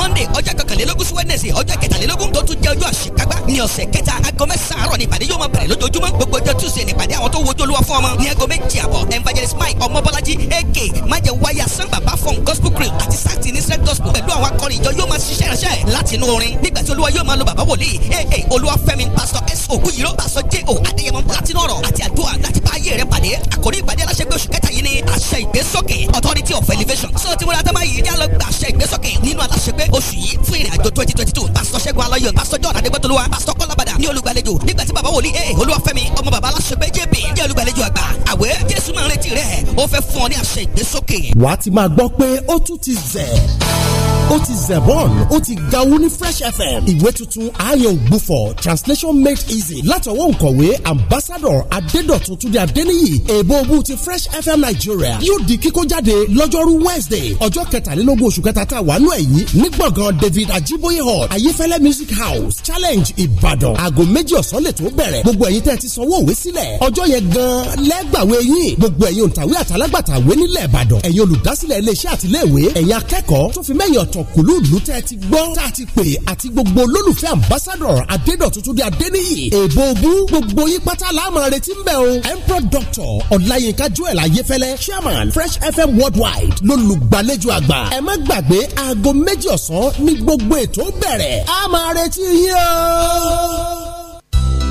monday ọjọ́ kọkànlélógún sí wednesday ọjọ́ kẹtàlélógún tó tún jẹ́ ọjọ́ àṣekágbá ní ọ̀sẹ̀ kẹta aago mẹ́sàn-án ní ìpàdé yóò máa bẹ̀rẹ̀ lójoojúmọ́ gbogbo ọjọ́ tuesday ní ìpàdé àwọn tó wojú olúwa fún ọmọ ní aago méjì àbọ̀ evangelist mike ọmọbọ́lájí ak májẹ̀ wáyà san bàbá fún gospel crew àti sáàtì ní sẹ́t gospel pẹ̀lú àwọn akọrin ìjọ yóò máa ṣiṣẹ́ ránṣẹ́ láti inú orin nígbà tí olúwa yóò máa pastor s ògúyìró pastor j o adéyẹmọ látinú ọ̀rọ̀ àti àdúrà láti ayé rẹ pàdé àkórí ìpàdé aláṣẹgbé oṣù kẹta yìí ni àṣẹ ìgbésókè authority of elevation so tí mo ra tẹ́ bá yìí yálọ gba àṣẹ ìgbésókè nínú aláṣẹgbé oṣù yìí fún ìrìn àjò twenty twenty two pásítọ̀ ṣẹ́gun alayọ̀ pásítọ̀ john adégbòtoluwa pásítọ̀ kọ́lábàdà ní olùgbàlejò nígbà tí bàbá wòlíì ee eh, olúwafẹ́mi ọmọ bàbá aláṣẹgbé jp jẹ́ olùgbàlejò àgbà àwẹ̀ jésù máa retí rẹ̀ ó fẹ́ fún ọ ní àṣẹ ìgbésókè. wàá ti máa gbọ́ pé ó tún ti zẹ̀ ó ti zẹ̀bọ́n ó ti gawú ní fresh fm ìwé tuntun ayọ̀ ògbufọ̀ translation made easy látọwọ́ òǹkọ̀wé ambassador adédọ̀tun túnde adéníyì Ebobu, ti fresh fm nigeria yóò di kíkó jáde lọ́jọ́rú wednesday ọjọ́ kẹtàlélógún oṣù kẹta tá a wà nù ẹ̀yìn ní gbọ̀ngàn david ajiboye hall ayéfẹ́lẹ́ music house challenge ìbàdàn aago méjì ọ̀sán lè tó bẹ̀rẹ̀ gbogbo ẹ̀yin tẹ́ ti sanwó òwe sílẹ̀ ọjọ́ yẹn gan-an lẹ́gbàwé yín gbogbo ẹ̀yin òǹtàwé àtàlágbàtàwé nílẹ̀ ìbàdàn ẹ̀yin olùdásílẹ̀ iléeṣẹ́ àtiléèwé ẹ̀yin akẹ́kọ̀ọ́ tó fi mẹ́yìn ọ̀tọ̀ kùlú ìlú tẹ́ ti gbọ́ tá a di adéníyì èbó ogún gbogbo yín pátá láàmú retí medical doctor ọláyínká joel ayéfẹ́lẹ́ chairman fresh fm worldwide lólùgbàlejò àgbà ẹ má gbàgbé aago méjì ọ̀sán ní gbogbo ètò bẹ̀rẹ̀ a máa retí yín o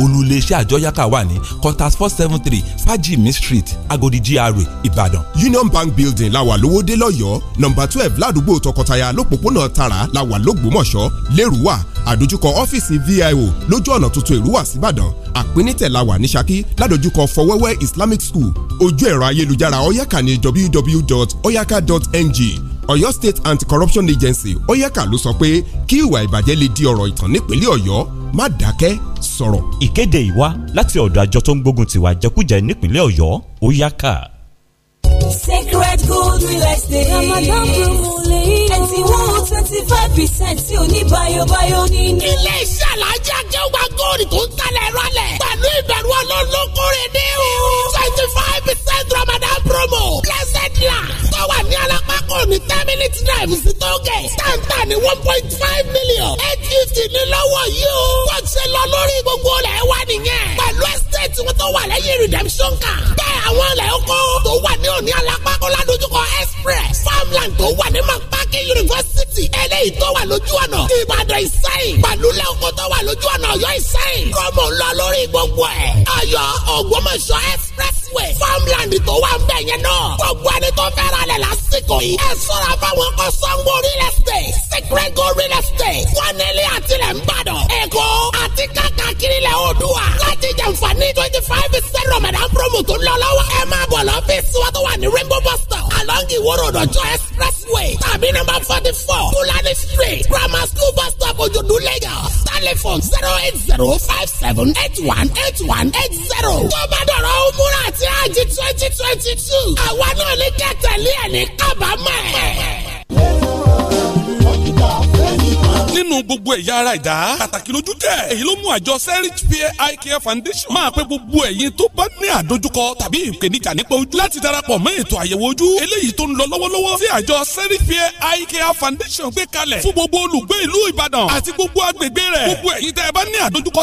olùléṣẹ́ àjọyàká wà ní contact four seven three fajimi street agodi gra ìbàdàn. union bank building làwà lówódé lọ́yọ́ọ́ nọ́mbà twelve ládùúgbò tọkọtaya lọ́pọ̀pọ̀nà tara làwà lógbómọ̀ṣọ́ lẹ́rùwà àdójúkọ ọ́fíìsì vio lójú ọ̀nà tuntun ìrúwà síbàdàn àpínítẹ̀ làwà ní ṣakí ládójúkọ fọwẹ́wẹ́ islamic school ojú ẹ̀rọ ayélujára oyaka ní www.oyaka.ng Ọ̀yọ́ State Anti-Corruption Agency oyeka ló sọ pé kí ìwà ìbàjẹ́ lè di ọ̀rọ̀ ìtàn nípínlẹ̀ Ọ̀yọ́ má dákẹ́ sọ̀rọ̀. Ìkéde ìwá láti ọ̀dọ̀ àjọ tó ń gbógun tiwa jẹkújẹ nípínlẹ̀ Ọ̀yọ́ oyeka. Sacred Gold Real Estate. Ramadan promo lẹ́yìn. Ẹ̀sìn twenty five percent tí o ní bayobayo nínú. Ilé iṣẹ́ alájà jẹ́ wá góòlù tó ń tẹ̀lé rọ́lẹ̀. Pẹ̀lú ìbẹ̀rù ọlọ́lọ́kùnrin ní o. Twenty five percent Ramadan promo. Blessed land tó wà ní alápákó ní ten minute drive sí tóge. Santa ní one point five million. Eight fifty ní lọ́wọ́ yìí o. Kò ṣe lọ lórí gbogbo ọ̀lẹ̀ wa nìyẹn. Pẹ̀lú estate wọn tó wà lẹ́yìn redemption kan. Bẹ́ẹ̀ àwọn ọ̀lẹ̀ ọkọ̀ tó wà ní òní alápákó ládójúkọ express. Farmland tó wà ní Mapaki University. Eléyìí tó wà lójú ọ̀nà. Ìbàdàn Ìsẹ́yìn. Pẹ̀lú lẹ́ọ̀kọ́ tó wà lójú ọ̀nà Ọ̀yọ́ Ìsẹ́yìn. Kọ́mọ̀ ń lọ lórí gbogbo ẹ̀. Ọ̀yọ́ Ògbómọ̀ṣọ́ expressway. Farmland tó wà ń bẹ̀yẹn náà. Gbogbo ẹni tó fẹ́ràn sílẹ̀ lásìkò yìí. ẹ sọ́ra fáwọn kan sanwó real estate secret go real estate wanilé àtìlẹ̀ ńbàdàn èkó àti kákàkiri lẹ̀ odua láti jàǹfààní twenty five percent ramadan promo tó ń lọ lọ́wọ́. ẹ máa bọ̀ lọ́fíìsì wa tó wà ní rainbow Buster. stop along iworo dọ̀jọ́ expressway tàbí number forty four kulani street grammar school bus stop ojoodu lagos telephone zero eight zero five seven eight one eight one eight zero. tó bá dọ̀rọ̀ umura àti àjì twenty twenty two àwa náà lè kẹ́tẹ̀lé díẹ̀ ní kábàámọ̀ ẹ̀ nínú gbogbo ẹ̀yà ara ìdá. pàtàkì lójú tẹ̀. èyí ló mú àjọ serich peer eye care foundation máa pé gbogbo ẹ̀yin tó bá ní àdójúkọ tàbí ìpèníjà nípa ojú láti darapọ̀ mọ́ ètò àyẹ̀wò ojú eléyìí tó ń lọ lọ́wọ́lọ́wọ́ tí àjọ serich peer eye care foundation gbé kalẹ̀ fún gbogbo olùgbé ìlú ìbàdàn àti gbogbo agbègbè rẹ̀ gbogbo ẹ̀yin tẹ́ bá ní àdójúkọ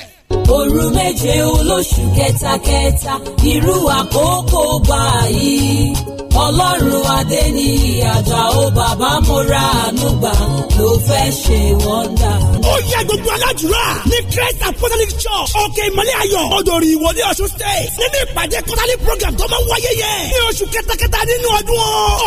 òru méje olóṣù kẹtakẹta irú àkókò báyìí ọlọ́run adé ní ìyàjà ó bàbá mo ra àánú gbà ló fẹ́ ṣe wọ́ndà. ó yẹ gbogbo aládùúrà ní christ apostolic church òkè ìmọ̀lẹ́ ayọ̀ ọ̀dọ̀rì ìwọlé ọ̀ṣun state nínú ìpàdé quarterly program tó máa ń wáyé yẹn ní oṣù kẹtakẹta nínú ọdún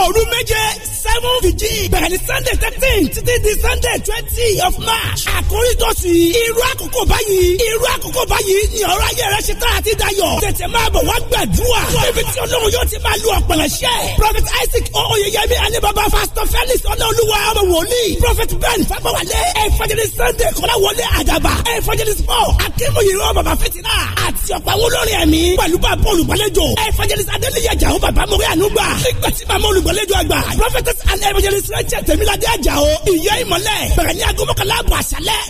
òru méje seven vigil bẹ̀rẹ̀ ní sunday thirteen títí di sunday twenty of march àkórí tó sì irú àkókò báyìí irú lákòókò báyìí ni ọ̀rọ̀ ayé rẹ ṣe tá àti dayọ̀. tètè máa bọ̀ wá gbàdúrà. níbi tí ọlọ́run yóò ti máa lu ọ̀pẹ̀lẹ̀ ṣẹ́. prophet isaac oyeyemi alibaba pastor felix ọlọ́ọ̀lùwà ọmọ wòlíì. prophet ben fagbawale evangelist sunday kọ́láwọlé àdàbà evangelist paul akínmọ̀yẹ̀rọ bàbá fìtínà àti ọ̀pọ̀ àwọn olórin ẹ̀mí pẹ̀lú bàbá olùgbàlejò evangelist adélẹ́yẹ jàó bàbá mọ̀rẹ́ ànúgbà nígbà tí bàbá olùgbàlejò àgbà prophetess and evangelist rachel tẹ̀míládé àjàó ìyẹ́ ìmọ̀lẹ̀ bẹ̀rẹ̀ ní agomọ̀kànlá àbọ̀ àṣálẹ́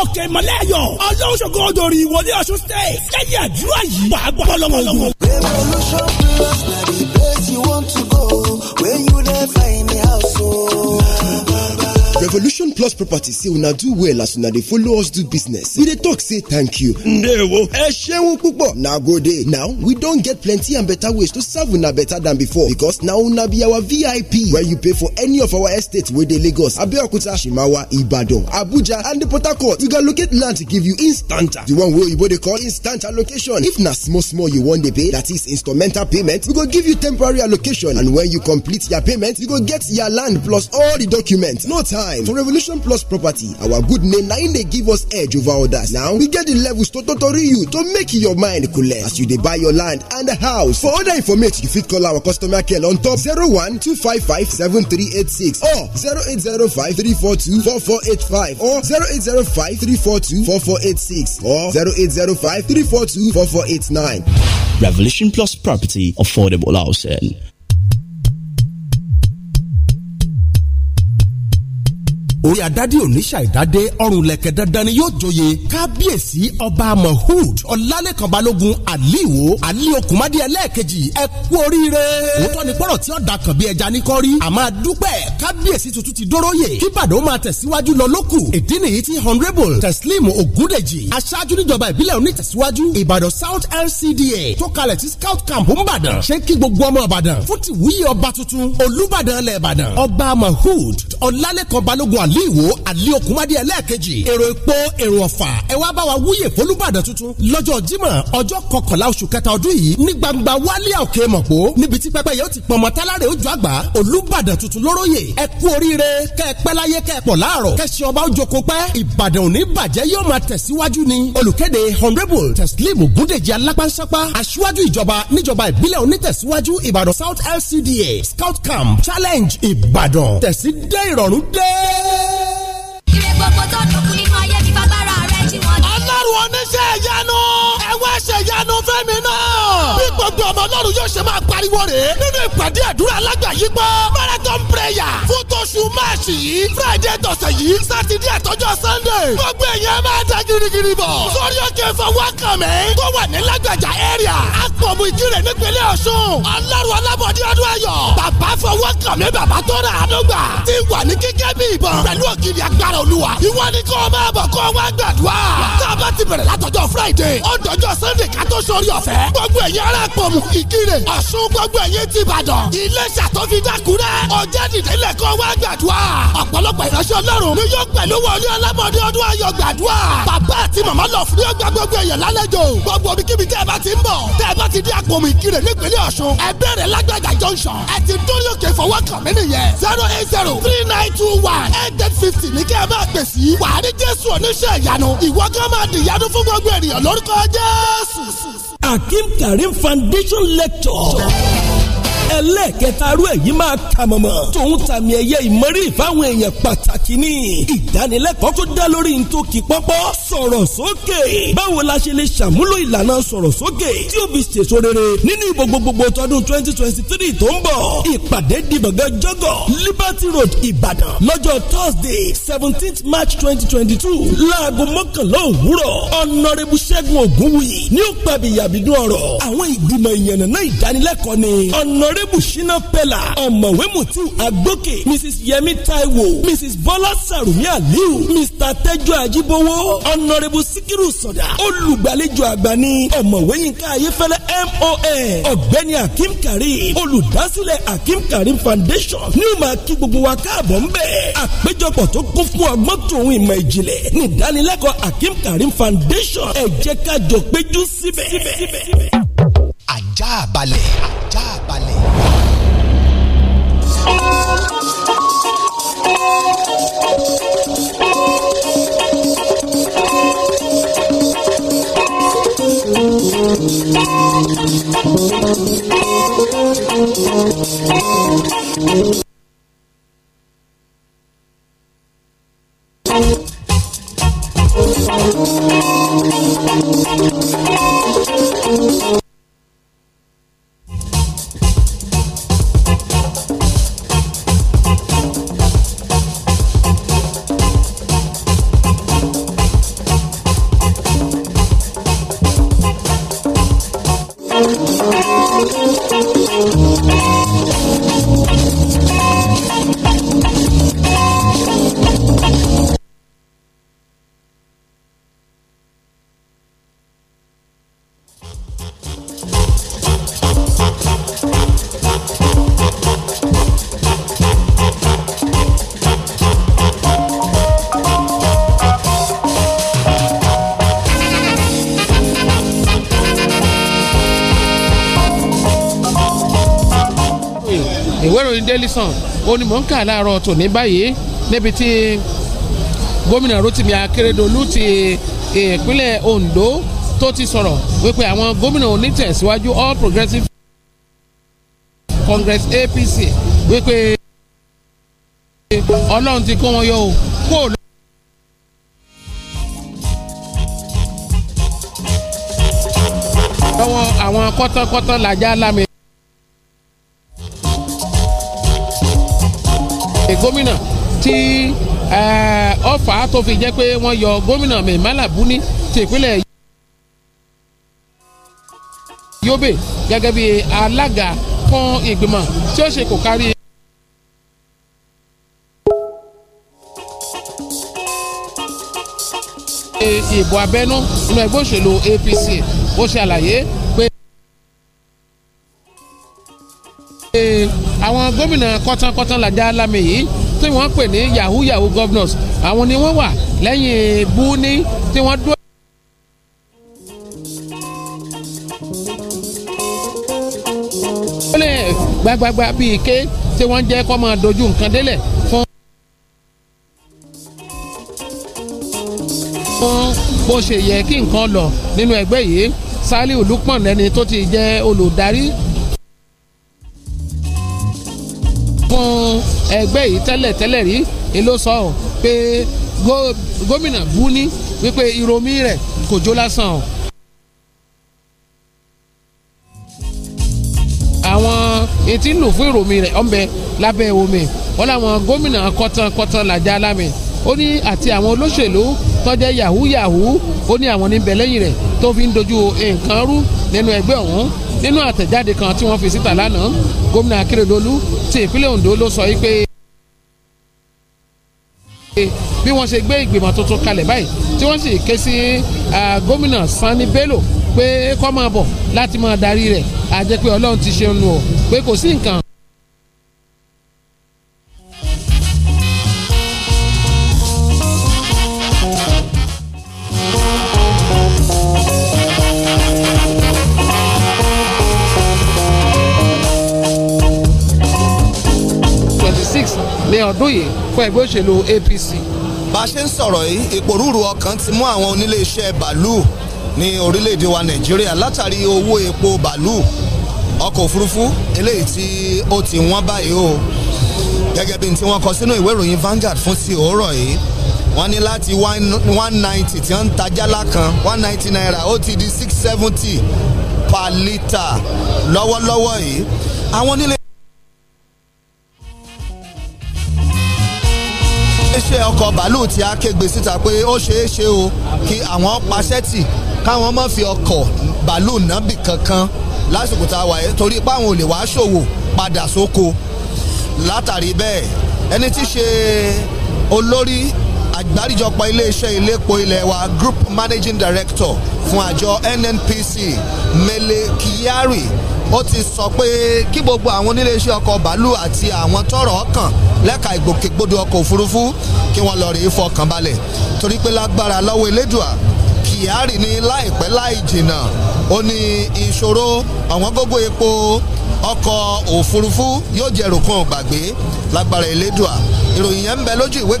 òkè ìmọ̀lẹ́ ayọ̀ ọlọ́ṣogo odòrì ìwọlé ọ̀ṣun state lẹ́yìn àdúrà yìí wàá gbọ́ lọ́wọ́ lọ́wọ́. revolution plus na the place you want to go. revolution plus property say una do well as una dey follow us do business we dey talk say thank you ndewo ẹ ṣeun púpọ̀ na go dey now we don get plenty and better ways to serve una better than before because na una be our vip where you pay for any of our estates wey dey lagos abeokuta shimawa ibadan abuja and port harcourt we go locate land to give you instanta the one wey oyibo dey call instanta location. if na small small you wan dey pay that is instrumental payment we go give you temporary allocation and when you complete your payment you go get your land plus all the documents no time time for revolution plus property our good name na im give us edge over others now we get the levels to totori you to make your mind collect as you dey buy your land and house for other information you fit call our customer care on top 012557386 or 08053424485 or 08053424486 or 08053424489 revolution plus property affordable housing orí adádì oníṣà ìdádé ọrùn lẹ̀kẹ̀ dandan ni yóò joyè kábíyèsí ọba mahud ọlálẹ́kan balógun aliwo ali okunmadi ẹlẹ́ẹ̀kejì ẹ kú oríire òótọ́ ni pọ́rọ̀ tí ó da kàn bí ẹja ní kọ́rí àmọ́ dúpẹ́ kábíyèsí tuntun ti dóróyè kí bàdó máa tẹ̀síwájú lọ lókù ìdí nìyí tí honourable teslim ogundeji aṣáájú níjọba ìbílẹ̀ onítẹ̀síwájú ìbàdàn south lcda tó kalẹ̀ tí scout camp ń bàdàn ṣe ń kí gbogbo ọmọ ìbàdàn fún tìwúyè ọba tuntun olúbàdàn ilẹ̀ ìbàdàn ọba mahud ọlálẹ́kan balógun wàlíì ìwò àlẹ́ òkúmádé ẹlẹ́ẹ̀kejì èrò epo èrò ọ̀fà ẹ wá bá wa wúyè fólúbàdàn tuntun lọ́jọ́ jímọ̀ ọjọ́ kọkànlá oṣù kẹta ọdún yìí ní gbangba wálíà òkè mọ̀pọ̀ níbi tí pẹ́pẹ́ yóò ti pọ̀ mọ́ tálárè ojú àgbà olúbàdàn tuntun lóróyè ẹ kú oríire kẹ́ ẹ pẹ́ láyé kẹ́ ẹ pọ̀ láàrọ̀ kẹ́ ṣe ọba ojú oko pẹ́ ìbàdàn òní bàjẹ́ yóò máa tẹ̀síwájú ni olùkéde honourable teslim gúndèjì alápánsápá aṣíwájú ìjọba níjọba lcda scout camp challenge ìbàdàn tẹ̀sí dé ìrọ̀rùn ire gbogbo tó dòkú nínú ayé mi fagbára rẹ jí wọn. ọlọ́run oníṣẹ́ ìyanu ẹ wá ṣe ìyanu fẹ́mi náà. bí gbogbo ọmọ ọlọ́run yóò ṣe máa pariwo rèé nínú ìpàdé àdúrà alágbàyípo marathon prayer fún oṣù máàṣì yìí friday tọ̀sẹ̀ yìí sátidé àtọ́jọ́ sunday gbogbo èèyàn máa da girigiri bọ̀ sórí òkè fọwọ́kànmẹ́ tó wà ní lágbàjá area akọ̀bù ìkírè nípínlẹ̀ ọ̀ṣun ọlọ́run ọlábọ̀dé ọdún ayọ̀ bàbá fọwọ́kànmẹ́ bàbá tó rà ánúgbà ti wà ní kíkẹ́ bí ìbọn pẹ̀lú ògiri agbára olúwa ìwọ ni kó máa bọ̀ kó wá gbàdúrà tá a bá ti bẹ̀rẹ̀ látọjọ́ friday ọdọjọ́ sunday ká tó sórí ọ̀fẹ́ gbogbo èèyàn ará akọ̀bù ìkírè ọ̀ṣun gbogbo èèyàn ti ìbàdàn ilé ṣàtọ́fi dákúrẹ́ ọjọ́ dìdẹ́lẹ̀ kó wá gbàdúrà ọ̀pọ̀lọpọ̀ ìránṣẹ́ ọlọ́run ni yóò pẹ̀lú wọlé ọlábọ̀dé ọdún ayọ̀ gbàdúrà bàbá àti màmá lọ fún yóò gba gbogbo èèyàn lálejò gbogbo ibikíbi tẹ́ ẹ bá ti ń bọ̀ tẹ́ ẹ bá ti dé àpòmù ìkirè nípínlẹ̀ ọ̀ṣun ẹ bẹ̀rẹ̀ lágbàdà junction ẹ ti dórí òkè fọwọ́kàn mí nìyẹn zero eight zero three nine two one eight eight fifty ní kẹ́ ẹ máa pè sí wàhálì jésù oníṣẹ́ ìyanu ìwọ kan máa dìyanu fún gbogbo ènìyàn lórúkọ jésù. akim karim foundation lecture ẹlẹ́ẹ̀kẹta rú èyí máa kà mọ̀mọ́ tòun tàmì ẹ̀yẹ ìmọ̀rí ìfáwọn èèyàn pàtàkì ní ìdánilẹ́kọ̀ọ́ tó dá lórí ntòkì pọ́pọ́ sọ̀rọ̀ sókè báwo la ṣe lè ṣàmúlò ìlànà sọ̀rọ̀ sókè tí ó fi ṣèso rere nínú ìbò gbogbogbò tọdún twenty twenty three tó ń bọ̀ ìpàdé dìbọ̀gẹ́ jọ́gọ̀ Liberty Road Ìbàdàn lọ́jọ́ Thursday seventeenth March twenty twenty two láago mọ́kànlá òwúrọ̀ ọ̀nàrẹ́bù ṣẹ́gun ògúnwùyí ní ó pàbí ìyàbídún ọ̀rọ̀ àwọn ìgbìmọ̀ ìyànnà honourable shina pella ọ̀mọ̀wé mutu agbókè mrs yemi taiwo mrs bọ́lá sàrùmí aliu mr tẹ́jọ́ Ajibowo, honourable sikiru sọ̀dà olùgbàlejò àgbà ní ọ̀mọ̀wé yínká ayéfẹ́lẹ́ mon ọ̀gbẹ́ni akim karim olùdásílẹ̀ akim karim foundation ní o máa kí gbogbo wa káàbọ̀ ń bẹ̀ àpéjọpọ̀ tó kún fún ọgbọ́n tòun ìmọ̀ ìjìnlẹ̀ ní ìdánilẹ́kọ̀ọ́ akim karim foundation ẹ jẹ́ ká péjú síbẹ̀ ajá balẹ̀ ajá balẹ̀. Thank you. Thank you. Alison onímọ̀ǹkà láàárọ̀ tòní báyìí níbi tí gómìnà Rotimi Akeredolu ti eh, ìpínlẹ̀ Ondo tó ti sọ̀rọ̀ wípé àwọn gómìnà onítẹ̀síwájú All Progressives Congress APC wípé ọlọ́run ti kó wọn yọ o kó o lọ́wọ́ àwọn kọ́tọ́kọ́tọ́ làjá lámì. tí ọfà tó fi jẹ́ pé wọ́n yọ gómìnà mi Malabuni ti ìpínlẹ̀ Yobe gẹ́gẹ́ bí alága fún ìgbìmọ̀ tí ó ṣe kò kárí. ìbò abẹ́nú inú ẹgbẹ́ òṣèlú APC ó ṣe àlàyé àwọn gómìnà kọ́tánkọ́tán làjà lámì yìí tí wọ́n pè ní yahoo yahoo governors àwọn ni wọ́n wà lẹ́yìn búni tí wọ́n dúró. gbagbagba bíi ike tí wọ́n jẹ́ kó máa dojú nǹkan délẹ̀ fún. fún bó ṣe yẹ kí nǹkan lọ nínú ẹgbẹ́ yìí Saliu Lukman lẹni tó ti jẹ́ olùdarí nínú ẹgbẹ́ yìí tẹ́lẹ̀ tẹ́lẹ̀ rí èló sọ ọ́ pé gómìnà bú ní wípé ìròmí rẹ̀ kò jó lásán o. àwọn etí ń lò fún ìròmí rẹ̀ ọ̀nbẹ lábẹ́ omi wọn làwọn gómìnà kọ́tànkọ́tàn làjà lámì ó ní àti àwọn olóṣèlú tọ́jẹ́ yahoo yahoo ó ní àwọn níbẹ̀ lẹ́yìn rẹ̀ tó fi ń dojú nǹkan rú nínú ẹgbẹ́ ọ̀hún nínú àtẹ̀jáde kan tí wọ́n fi síta lánàá gómìnà akérèdọ́lù ti ìpínlẹ̀ ondo ló sọ wípé bí wọ́n ṣe gbé ìgbìmọ̀ tuntun kalẹ̀ báyìí tí wọ́n sì ké sí gómìnà sani bello pé kó máa bọ̀ láti máa darí rẹ̀ àjẹpẹ́ ọlọ́run ti ṣe ń nu ọ̀ pé kò sí nǹkan ọdún yìí fún ẹgbẹ́ òṣèlú APC. bá a ṣe ń sọ̀rọ̀ yìí ìpòrúurú ọkàn ti mú àwọn onílé iṣẹ́ bàálù ní orílẹ̀-èdè wa Nàìjíríà látàrí owó epo bàálù ọkọ̀ òfurufú eléyìí tí ó ti wọ́n báyìí o gẹ́gẹ́ bí n tí wọ́n kọ sínú ìwé ìròyìn Vanguard fún ti òórọ̀ yìí wọ́n ní láti one ninety tí wọ́n ń ta jálá kan one ninety naira ó ti di six seventy per litre lọ́wọ́lọ́wọ́ yìí àwọn nílé ọkọ̀ bàálù tí a kégbe síta pé ó ṣeé ṣe o kí àwọn paṣẹ́ tì káwọn má fi ọkọ̀ bàálù nábì kankan lásìkò tá a wà yẹn torí pé àwọn ò lè wá ṣòwò padà sóko látàrí bẹ́ẹ̀ ẹni tí ṣe olórí àgbáríjọpọ̀ iléeṣẹ́ iléepo ilẹ̀ wa group managing director fún àjọ NNPC Mele Kyari ó ti sọ pé kí gbogbo àwọn oníléeṣẹ́ ọkọ̀ bàálù àti àwọn tọ́rọ̀ kàn lẹ́ka ìgbòkègbodò ọkọ̀ òfurufú kí wọ́n lọ rèé fọkàn balẹ̀ torí pé lágbára lọ́wọ́ elédùà Kyari ní láìpẹ́ láì jìnnà ó ní ìṣòro ọ̀wọ́ngógó epo ọkọ̀ òfurufú yóò jẹ́ rògbòn gbàgbé lágbára elédùà ìròyìn yẹn ń bẹ lójú ìwé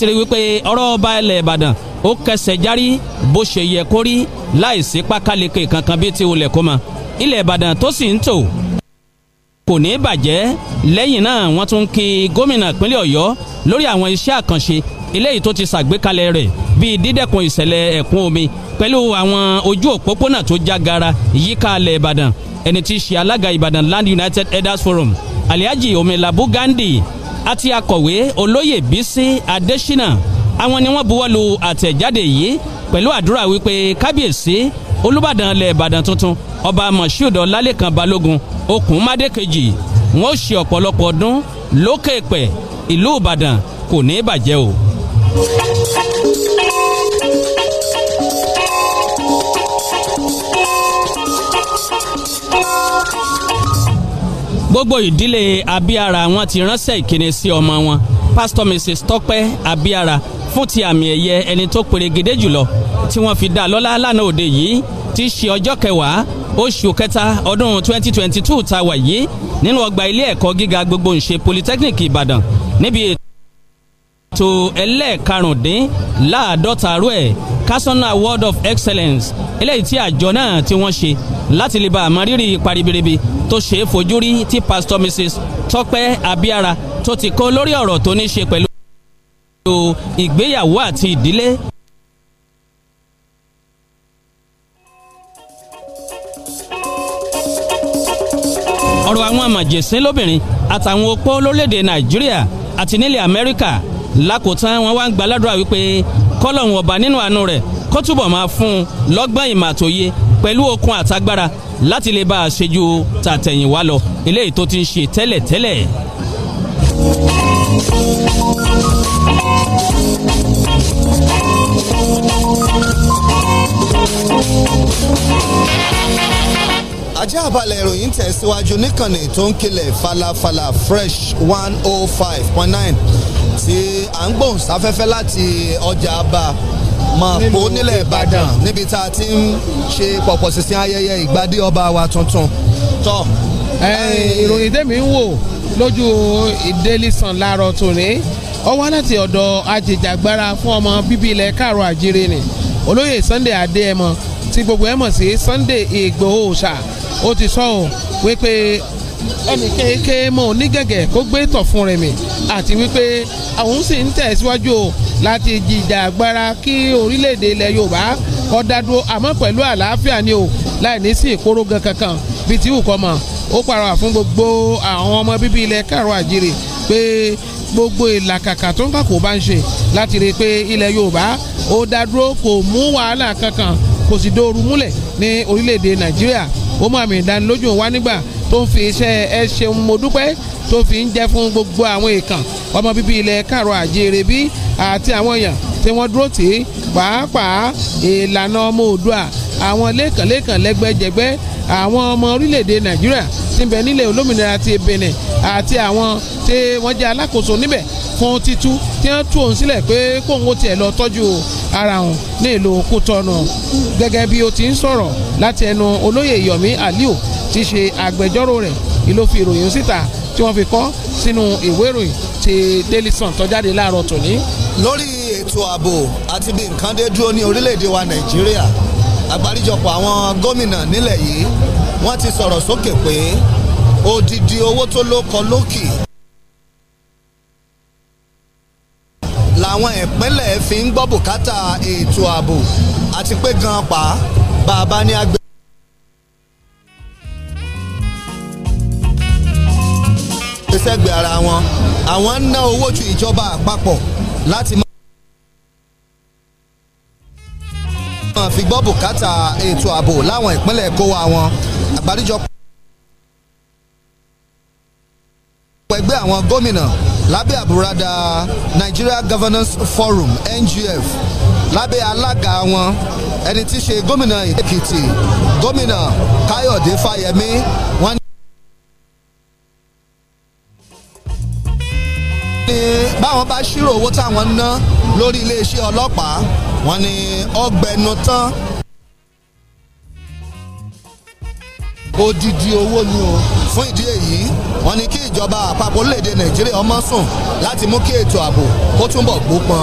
láti rí wípé ọ̀rọ̀ ọba ilẹ̀ ìbàdàn ó kẹsẹ̀ járí bó ṣe yẹ kó rí láìsí pákáleke kankan bíi ti olè kó ma ilẹ̀ ìbàdàn tó sì ń tò kò ní bàjẹ́ lẹ́yìn náà wọ́n tún kí gómìnà ìpínlẹ̀ ọ̀yọ́ lórí àwọn iṣẹ́ àkànṣe eléyìí tó ti ṣàgbékalẹ̀ rẹ̀ bíi dídẹ́kun ìṣẹ̀lẹ̀ ẹ̀kún omi pẹ̀lú àwọn ojú òpópónà tó já gara yíká ilẹ̀ ìbàdàn ẹni tí í ṣe alága ìbàdàn land united elders forum aliaji labu gandhi àti akọ̀wé olóyè bísí adésínà àwọn ni wọ́n buwọ́lu àtẹ̀jáde yìí pẹ̀lú àdúrà wípé kábíyèsí olùbàdàn ilẹ̀ ìbàdàn tuntun ọba moshood ọlálẹ́kan balógun okùnmádé kejì wọn ó ṣe ọ̀pọ̀lọpọ̀ ọdún lókè pẹ̀ ìlú ìbàdàn kò ní bàjẹ́ o. gbogbo ìdílé abíara wọn ti ránṣẹ́ ìkíni sí ọmọ wọn Pastor mrs tọ́pẹ́ abíara fún ti àmì ẹ̀yẹ ẹni tó perégedé jùlọ tí wọ́n fi dá lọ́lá lánàá òde yìí ti ṣe ọjọ́ kẹwàá oṣù kẹta ọdún 2022 tá a wà yìí nínú ọgbà ilé ẹ̀kọ́ gíga gbogbo ńṣe polytechnic ìbàdàn níbi ètò ẹlẹ́ẹ̀karùndínláàdọ́ta rú ẹ̀ kásánà award of excellence eléyìí tí àjọ náà tí wọ́n ṣe láti lè bá àmọ́rírì paribiribi tó ṣe é fojú rí tí pastor mrs tọ́pẹ́ abiara, tó ti kó lórí ọ̀rọ̀ tó ní ṣe pẹ̀lú ìgbéyàwó àti ìdílé ọ̀rọ̀ àwọn àmàjẹ̀sín lóbìnrin àtàwọn opó lórílẹ̀‐èdè nàìjíríà àti nílẹ̀ amẹ́ríkà lákòótán wọn wá ń gbàládùra wípé kọ́lọ́hún ọba nínú àánú rẹ̀ kó túbọ̀ máa fún un lọ́gbọ́n ìmọ̀ àtòye pẹ̀lú okun àtagbára láti lè bá a ṣẹ́jú tàtẹ̀yìnwá lọ eléyìí tó ti ń ṣe tẹ́lẹ̀tẹ́lẹ̀. ajá àbálẹ̀ ìròyìn tẹ̀síwájú níkànnì tó ń kilẹ̀ falafala fresh one oh five point nine tí à ń gbóhùn sáfẹ́fẹ́ láti ọjà àbá mọ̀pó nílẹ̀ ìbàdàn níbi tá a ti ń ṣe pọ̀pọ̀ sísìn ayẹyẹ ìgbádé ọba wa tuntun tọ́. ìròyìn tèmi ń wò lójú ìdélìsàn láàárọ̀ tòní ó wá láti ọ̀dọ̀ ajìjàgbara fún ọmọ bíbí ilẹ̀ káàrọ̀ àjíire ni olóyè Sunday Adéẹmọ tí gbogbo ẹ̀ sí Sunday Ìgbòho ṣá ó ti sọ ọ́ wípé ẹnì kéèké mọ onígẹ̀gẹ̀ kó gbé tọ̀ fún rẹ̀ mi àti wípé àwọn sì ń tẹ̀síwájú o láti jìjà agbára kí orílẹ̀-èdè ilẹ̀ Yorùbá kọ́ dá dúró àmọ́ pẹ̀lú àlàáfíà ni o láì ní sí ìkórógan kankan bíi ti wù kọ́ mọ̀ ó pàrọwà fún gbogbo àwọn ọmọ bíbí ilẹ̀ káàrọ̀ àjèrè pé gbogbo ìlàkàkà tó ń kàkó bá ń ṣe láti rí i pé ilẹ̀ Yorùbá ó dá dúró kò mú wàhálà kankan kò sì dóoru múlẹ̀ ní orílẹ̀-èdè Nàìjíríà ó mú àmì ìdánilójú wá nígbà tó fi iṣẹ́ ẹ ṣeun mo dúpẹ́ tó fi ń jẹ́ fún gbogbo àwọn èèkàn ọmọ bíbí ilẹ̀ káàrọ̀ àjíire bí àti àwọn èèyàn tí wọ́n dúró tì í pàápàá ìlànà ọmọ Oòduà àwọn lẹ́kànlẹ́kàn lẹ́gbẹ́jẹgbẹ́ àwọn ọmọ orílẹ̀-èdè Nàìjíríà ti bẹ nílẹ̀ olómìnira ti Benin àti àwọn tí wọ́n jẹ́ alákòóso níbẹ̀ fún títú tí wọ́n tú òun sílẹ̀ pé kóun ó tiẹ̀ lọ tọ́jú ara òun ní ìlú Kútọ́nù gẹ́gẹ́ bí ó ti ń sọ̀rọ̀ láti ẹnu olóyè Yomi Aliu ṣíṣe agbẹjọ́rò rẹ̀ ìlò fi ìròyìn síta tí wọ́n fi kọ sínú ìwé ìròyìn ti Daily Sun tó jáde láàárọ̀ tòní. lórí ètò ààbò àti bí nǹkan dé dúró ní orílẹ̀-èdè wa Nàìjíríà àgbáríjọpọ̀ àwọn gómìnà nílẹ̀ yìí wọ́n ti sọ̀rọ̀ sókè pé odidi owó tó ló kọ lókì làwọn ìpínlẹ̀ fi ń gbọ́ bùkátà ètò ààbò àti pé gan-an pa bàbá ní agbẹ́. sẹ́gbẹ̀ẹ́ ara wọn àwọn ń ná owó ju ìjọba àpapọ̀ láti máa fi gbọ́ bùkátà ètò ààbò láwọn ìpínlẹ̀ kó wa wọn àgbáríjọpọ̀ ẹgbẹ́ àwọn gómìnà lábẹ́ àbúradà Nigeria Governance Forum NGF lábẹ́ alága wọn ẹni tí í ṣe gómìnà Èkìtì gómìnà Káyọ̀dé Fáyẹmí wọ́n ní. ní báwọn bá ṣírò owó táwọn ná lórí iléeṣẹ́ ọlọ́pàá wọ́n ní ọgbẹ́nu tán odidi owó ni o fún ìdí èyí wọ́n ní kí ìjọba àpapọ̀ orílẹ̀-èdè nàìjíríà ọmọ sùn láti mú kí ètò ààbò kó túnbọ̀ gbópọn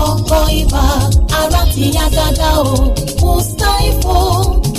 ọkọ̀ ibà ara ti yá gágá o mustapho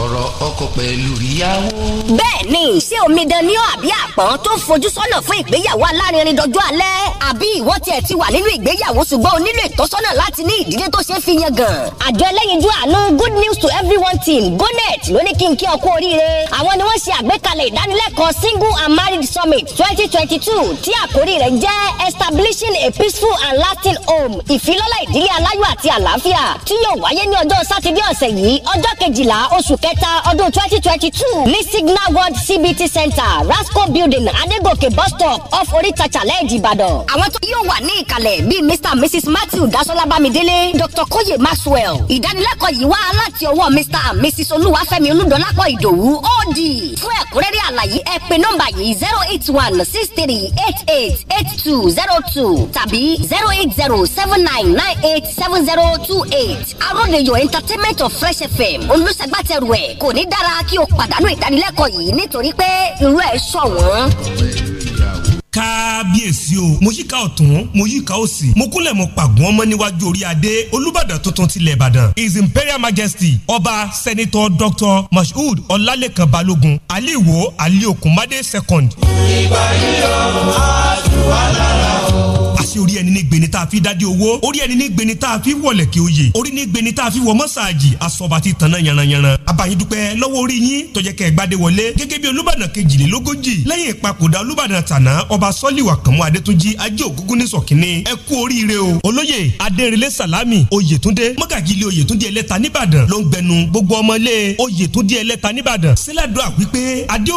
ọ̀rọ̀ ọkọ pẹ̀lú ìyàwó. bẹ́ẹ̀ni ṣé omidan ni ọ́ àbí àpọ́n tó fojú sọ́nà fún ìgbéyàwó alárinrin dọjọ́ alẹ́ àbí ìwọ tiẹ̀ ti wà nínú ìgbéyàwó ṣùgbọ́n o nílò ìtọ́sọ́nà láti ní ìdílé tó ṣe é fi yan gan. àjọ ẹlẹ́yinjú àánú good news to everyone team gonet ló ní kí n kí ọ kú oríire. àwọn ni wọ́n ṣe àgbékalẹ̀ ìdánilẹ́kọ̀ọ́ single and married summit twenty twenty two tí àkórí rẹ̀ jẹ́ establishing a peaceful and lasting home ìfilọ́lẹ̀ ìdílé aláyọ̀ àti àlàáfíà tí yóò wáyé ní ọjọ́ sátidé ọ̀sẹ̀ yìí ọjọ́ kejìlá oṣù kẹta ọdún twenty twenty two ní signal world cbt center rasco building adegoke bus stop off orítajà lẹ́yìn ìbàdàn. àwọn tó yóò wà ní ìkàlẹ̀ bíi mr and mrs matthew dasola bámidélé dr koye maxwell ìdánilẹ́kọ̀ọ́ yìí wá láti ọwọ́ mr and mrs olúwàfẹ́mi olúdọ́lápọ̀ ìdòwú od fún ẹ̀kúnrẹ́rẹ́ àlàyé ẹ pè nọ́mbà yìí zero eight one six three eight eight eight two zero two tàbí zero eight zero seven nine nine eight seven zero two eight arọ́dẹ̀yọ̀ entertainment of fresh fm olùsẹ̀gbàtẹ̀rù anywhere kò ní dára kí o pàdánù ìdánilẹ́kọ̀ọ́ yìí nítorí pé irú ẹ̀ ṣọ̀wọ́n kábíyèsí o mo yíká ọ̀tún mo yíká òsì mo kúnlẹ̀ mo pàgùn ọmọ níwájú orí adé olùbàdàn tuntun tilẹ̀ ìbàdàn his imperial majesty ọba senator dr mashood ọlálẹ́kan balógun aliwo aliokun made second. ìgbà yíyọ àdùn alára sí orí ẹni ní gbeni tá a fi dádé owó orí ẹni ní gbeni tá a fi wọlẹ̀ kí ó yè orí ní gbeni tá a fi wọ mọ́sáàjì asọ̀bà ti tànná yanranyanran abayidupẹ́ lọ́wọ́ orí yín tọ́jẹ́ kẹ́ gbadé wọlé gẹ́gẹ́ bí olúbàdàn kejìlélógójì lẹ́yìn ìpapòdà olúbàdàn tàná ọba sọ́líwà kànmú adétúnjì ajé ògúngún ní sọ̀kínní ẹ kú oríire o olóyè adérinlé sàlámì oyètúndé mọ́gàgílé oyètúndé ẹlẹ́ta níbàdàn ló ń gbẹnu gbogbo ọmọlé oyètúndé ẹlẹ́ta níbàdàn sílẹ̀dọ́à wípé adé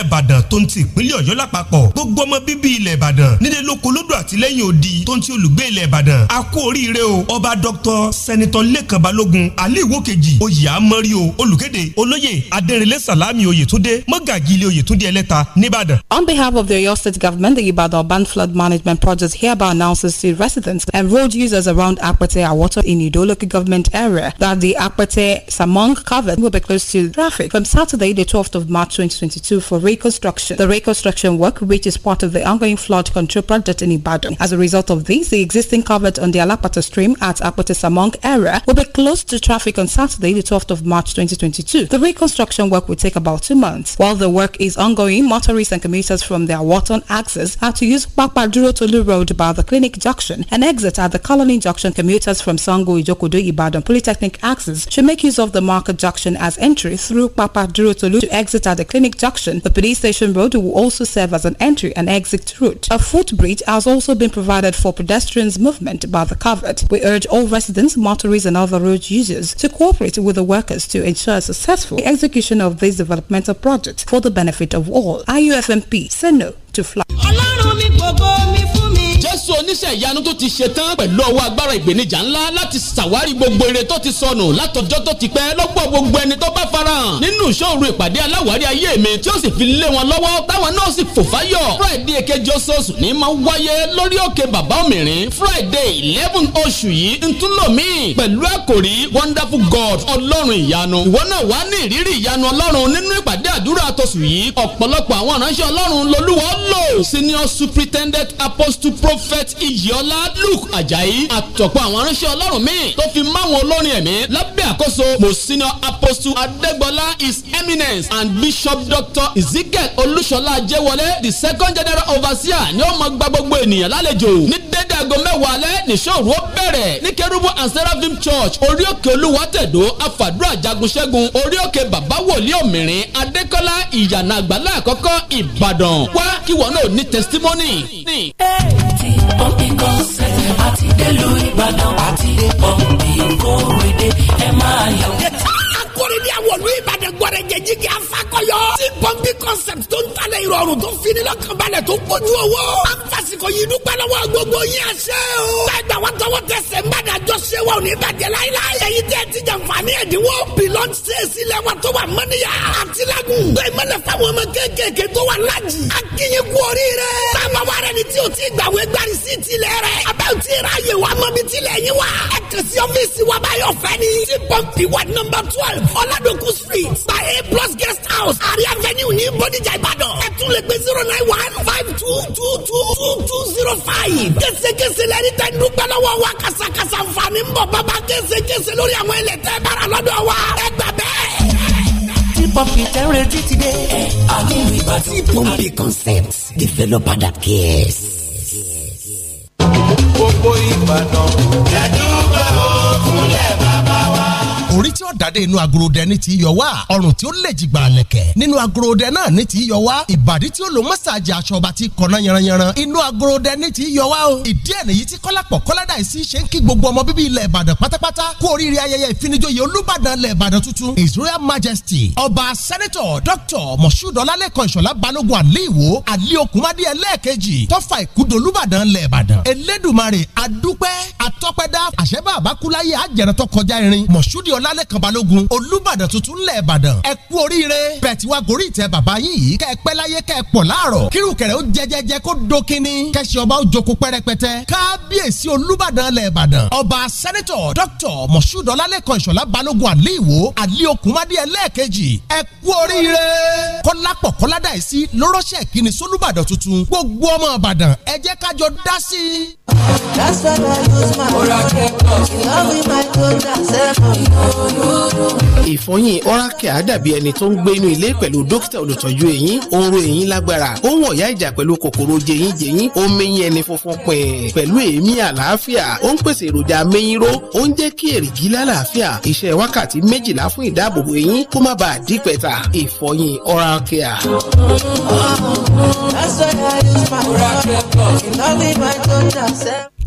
ìbàdàn tó ń ti ìpínlẹ̀ ọ̀yọ́ lápapọ̀ gbogbo ọmọ bíbí ilẹ̀ ìbàdàn nílé lóko lódò àtìlẹ́yìn odi tó ń ti olùgbé ilẹ̀ ìbàdàn a kú oríire o ọba dr sẹ́nitọ́ lẹ́kàn balógun ali oyè amọ́rí o olùkéde olóyè adẹ́rẹ́lẹ́ sàlámì ilé ẹlẹ́ta níbàdàn. on behalf of the oyo state government the ibadan urban flood management project hereby announces to residents and road users around akpete awoto in ido local government area that the akpete samong covered will be closed to traffic from saturday the 12th of march 2022 for reconstruction, the reconstruction work, which is part of the ongoing flood control project in Ibadan. As a result of this, the existing covered on the Alapata stream at Apote Samong area will be closed to traffic on Saturday, the 12th of March 2022. The reconstruction work will take about two months. While the work is ongoing, motorists and commuters from their Wharton axis are to use Papaduro Tolu Road by the Clinic Junction and exit at the Colony Junction. Commuters from Sango Ijokudu Ibadan Polytechnic axis should make use of the Market Junction as entry through Papaduro Tolu to exit at the Clinic Junction. The the police station road will also serve as an entry and exit route. A footbridge has also been provided for pedestrians' movement by the covert. We urge all residents, motorists and other road users to cooperate with the workers to ensure successful execution of this developmental project for the benefit of all. IUFMP, Seno to fly. jésù oníṣẹ́ ìyanu tó ti ṣe tán pẹ̀lú ọwọ́ agbára ìgbènijà ńlá láti ṣàwárí gbogbo ire tó ti sọnù látọjọ́ tó ti pẹ́ lọ́gbọ́ gbogbo ẹni tó bá farahàn nínú ìṣòro ìpàdé aláwárí ayé mi tí ó sì fi lé wọn lọ́wọ́ táwọn náà sì fò fáyọ̀ friday kejì oṣooṣù ní máa wáyé lórí òkè bàbá òmìnirin friday eleven oṣù yìí ntúlọ̀mí pẹ̀lú àkòrí wonderful god ọlọ́run ìyanu ìwọ náà wà ní ìrírí ìyanu ọlọ́run nínú ìpàdé àdúrà àtọ̀sù yìí ọ̀pọ̀lọpọ̀ àwọn ìránṣẹ́ ọlọ́run lolúwa lò prophet iyiola luke ajayi àtọ̀pọ̀ àwọn aránṣẹ́ ọlọ́run míì tó fi máwọn olórin ẹ̀mí lábẹ́ àkóso mosina apostle adégbọlá his eminence and bishop Doctor ezekiel olúṣọlá ajẹ́wọlé the second general overseer ni ó máa gba gbogbo ènìyàn lálejò ní dédé aago mẹ́wàá alẹ́ nìṣòro bẹ̀rẹ̀ ní kérúbù and seraphim church orí òkè olúwàtẹ̀dó àfàdúrà jagunṣẹ́gun orí òkè bàbá wòlíì òmìnirin adékọ́lá ìyànà àgbàlá àkọ́kọ́ ìbàdàn wá kíwọ náà ní testimony. Hey pọ́ǹpì concept àti délù ìbàdàn àti pọ́ǹpì kórèdè ẹ máa yọ. akórèdè àwọn wọ̀lú ìbàdàn gbọ̀rẹ̀jẹ̀ jíjẹ afakọyọ. tí pọ́ńpì concept tó ń talẹ̀ ìrọ̀rùn tó fini lọ́kànbalẹ̀ tó kojú owó. a ń fasikọ yìí dúpẹ́ lọ́wọ́ gbogbo yín àṣẹ o. gbàgbà wọn tọwọ́ tẹsẹ̀ ń bàdà jọ ṣe wa ò ní bàjẹ́ láíláí. èyí tẹ́ ti jàǹfààní ẹ̀dínwó a ṣèṣì lẹ́wà tó wà mọ́níyà. àti lágùn. gbé mọ́lẹ̀ fáwọn ọmọ kéékèèké tó wà lájì. a kì í kú oríire. sábà wa rẹ ni tí o ti gbàwé gbárí sí tilẹ̀ rẹ. abẹ́ ò ti ra yè wa mọ́ bí tilẹ̀ yín wa. ẹ kàn sí ọ́fíìsì wa báyọ̀ fẹ́ ni. ti pọ́ǹpì wa nọ́mbà twelve ọ̀làdùn miracle street by a plus guest house àrí avenue ní bodijà ìbàdàn ẹ tún lè gbé zero nine one five two two two two two zero five késekése lẹ́ni tẹ́ ń dúpẹ́ lọ́wọ́ wa kàṣàkàṣà nfààní ń bọ̀ bàbá késekése lórí àwọn ilẹ̀ tẹ́ bára lọ́dọ̀ wa ẹ gbà bẹ́ẹ̀ pọ́ǹpì tẹ́ ń retí ti dé. ẹ a nílùú ìbàdàn. tí pọ́ǹpì concept developer that cares. gbogbo ìbàdàn. ẹ̀dùn bá òkun lẹ́bàá orí tí ó dàdé inú agorodẹ ní ti yọ wá ọrùn tí ó lè jìgbà lẹ̀kẹ̀ nínú agorodẹ náà ní ti yọ wá ìbàdí tí ó lò mọ́sáàjì aṣọ ọba ti kọ̀nà yanranyanran inú agorodẹ ní ti yọ wá o ìdí ẹ̀ nìyí tí kọ́lápọ̀ kọ́ládà ìsí ṣe ń kí gbogbo ọmọ bíbí ilẹ̀ ìbàdàn pátápátá kú oríire ayẹyẹ ìfinijoyè olúbàdàn ilẹ̀ ìbàdàn tuntun his royal majesty ọba sẹ́nẹ́tọ̀ dr moshood ọlálẹ́kan ìṣọ̀lá balógun àlíwò àlí okùnmádé ẹlẹ́ẹ̀kejì tọ́fà ìkúdò olúbàdàn ilẹ̀ ìbàdàn elédùmarè adúpẹ́ atọ́pẹ́dá àṣẹ́bà àbákúláyé àjẹrántọ́ kọjá ọlálẹ́kan balógun olùbàdàn tuntun ńlẹ̀ ìbàdàn ẹ kú oríire bẹ́ẹ̀ tí wá gorí ìtẹ́ bàbá yìí kẹ́ ẹ pẹ́ láyé kẹ́ ẹ pọ̀ láàrọ̀ kírù ó jẹjẹjẹ kó dókínní kẹ́sì ọba ó jókòó pẹ́rẹpẹtẹ kábíyèsí olùbàdàn ńlẹ̀ ìbàdàn ọba sẹ́nẹ́tọ̀ dókítọ̀ mọ̀ṣúd ọlálẹ́kan ìṣọ̀lá balógun àlẹ́ ìwò àlẹ́ okùnmádé ẹlẹ́ẹ̀kejì ẹ kú That's why I lose my mind. love my daughter, ìfọyín oralcare dàbí ẹni tó ń gbé inú ilé pẹ̀lú dókítà olùtọ́jú eyín ó ń ro eyín lágbára ó ń wọ̀yá ìjà pẹ̀lú kòkòrò jẹyínjẹyín ó ń mẹyín ẹni funfun pin pẹ̀lú èémí àlàáfíà ó ń pèsè èròjà mẹyìnró ó ń jẹ́ kí èrìgì lálàáfíà iṣẹ́ wákàtí méjìlá fún ìdáàbòbò eyín kó má bàa dí pẹ̀ta ìfọyín oralcare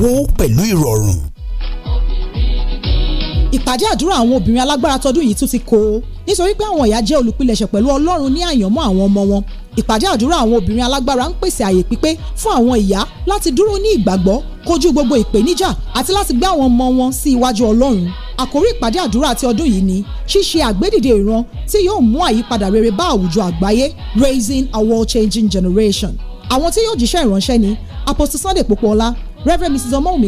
owó pẹ̀lú ìrọ̀rùn. ìpàdé àdúrà àwọn obìnrin alágbára tọdún yìí tún ti kó o nítorí pé àwọn ìyá jẹ́ olùpilẹ̀ṣẹ̀ pẹ̀lú Ọlọ́run ní àyànmọ́ àwọn ọmọ wọn ìpàdé àdúrà àwọn obìnrin alágbára ń pèsè àyè pípé fún àwọn ìyá láti dúró ní ìgbàgbọ́ kojú gbogbo ìpèníjà àti láti gbé àwọn ọmọ wọn sí iwájú Ọlọ́run àkórí ìpàdé àdúrà ti ọdún yìí ni ṣíṣe àgbédìde ìran tí yóò mú àyípadà rere bá àwùjọ àgbáyé raising a world changing generation àwọn tí yóò jíṣẹ́ ìránṣẹ́ ni Apostle Sunday Popoola Reverend Mrs. Omowumi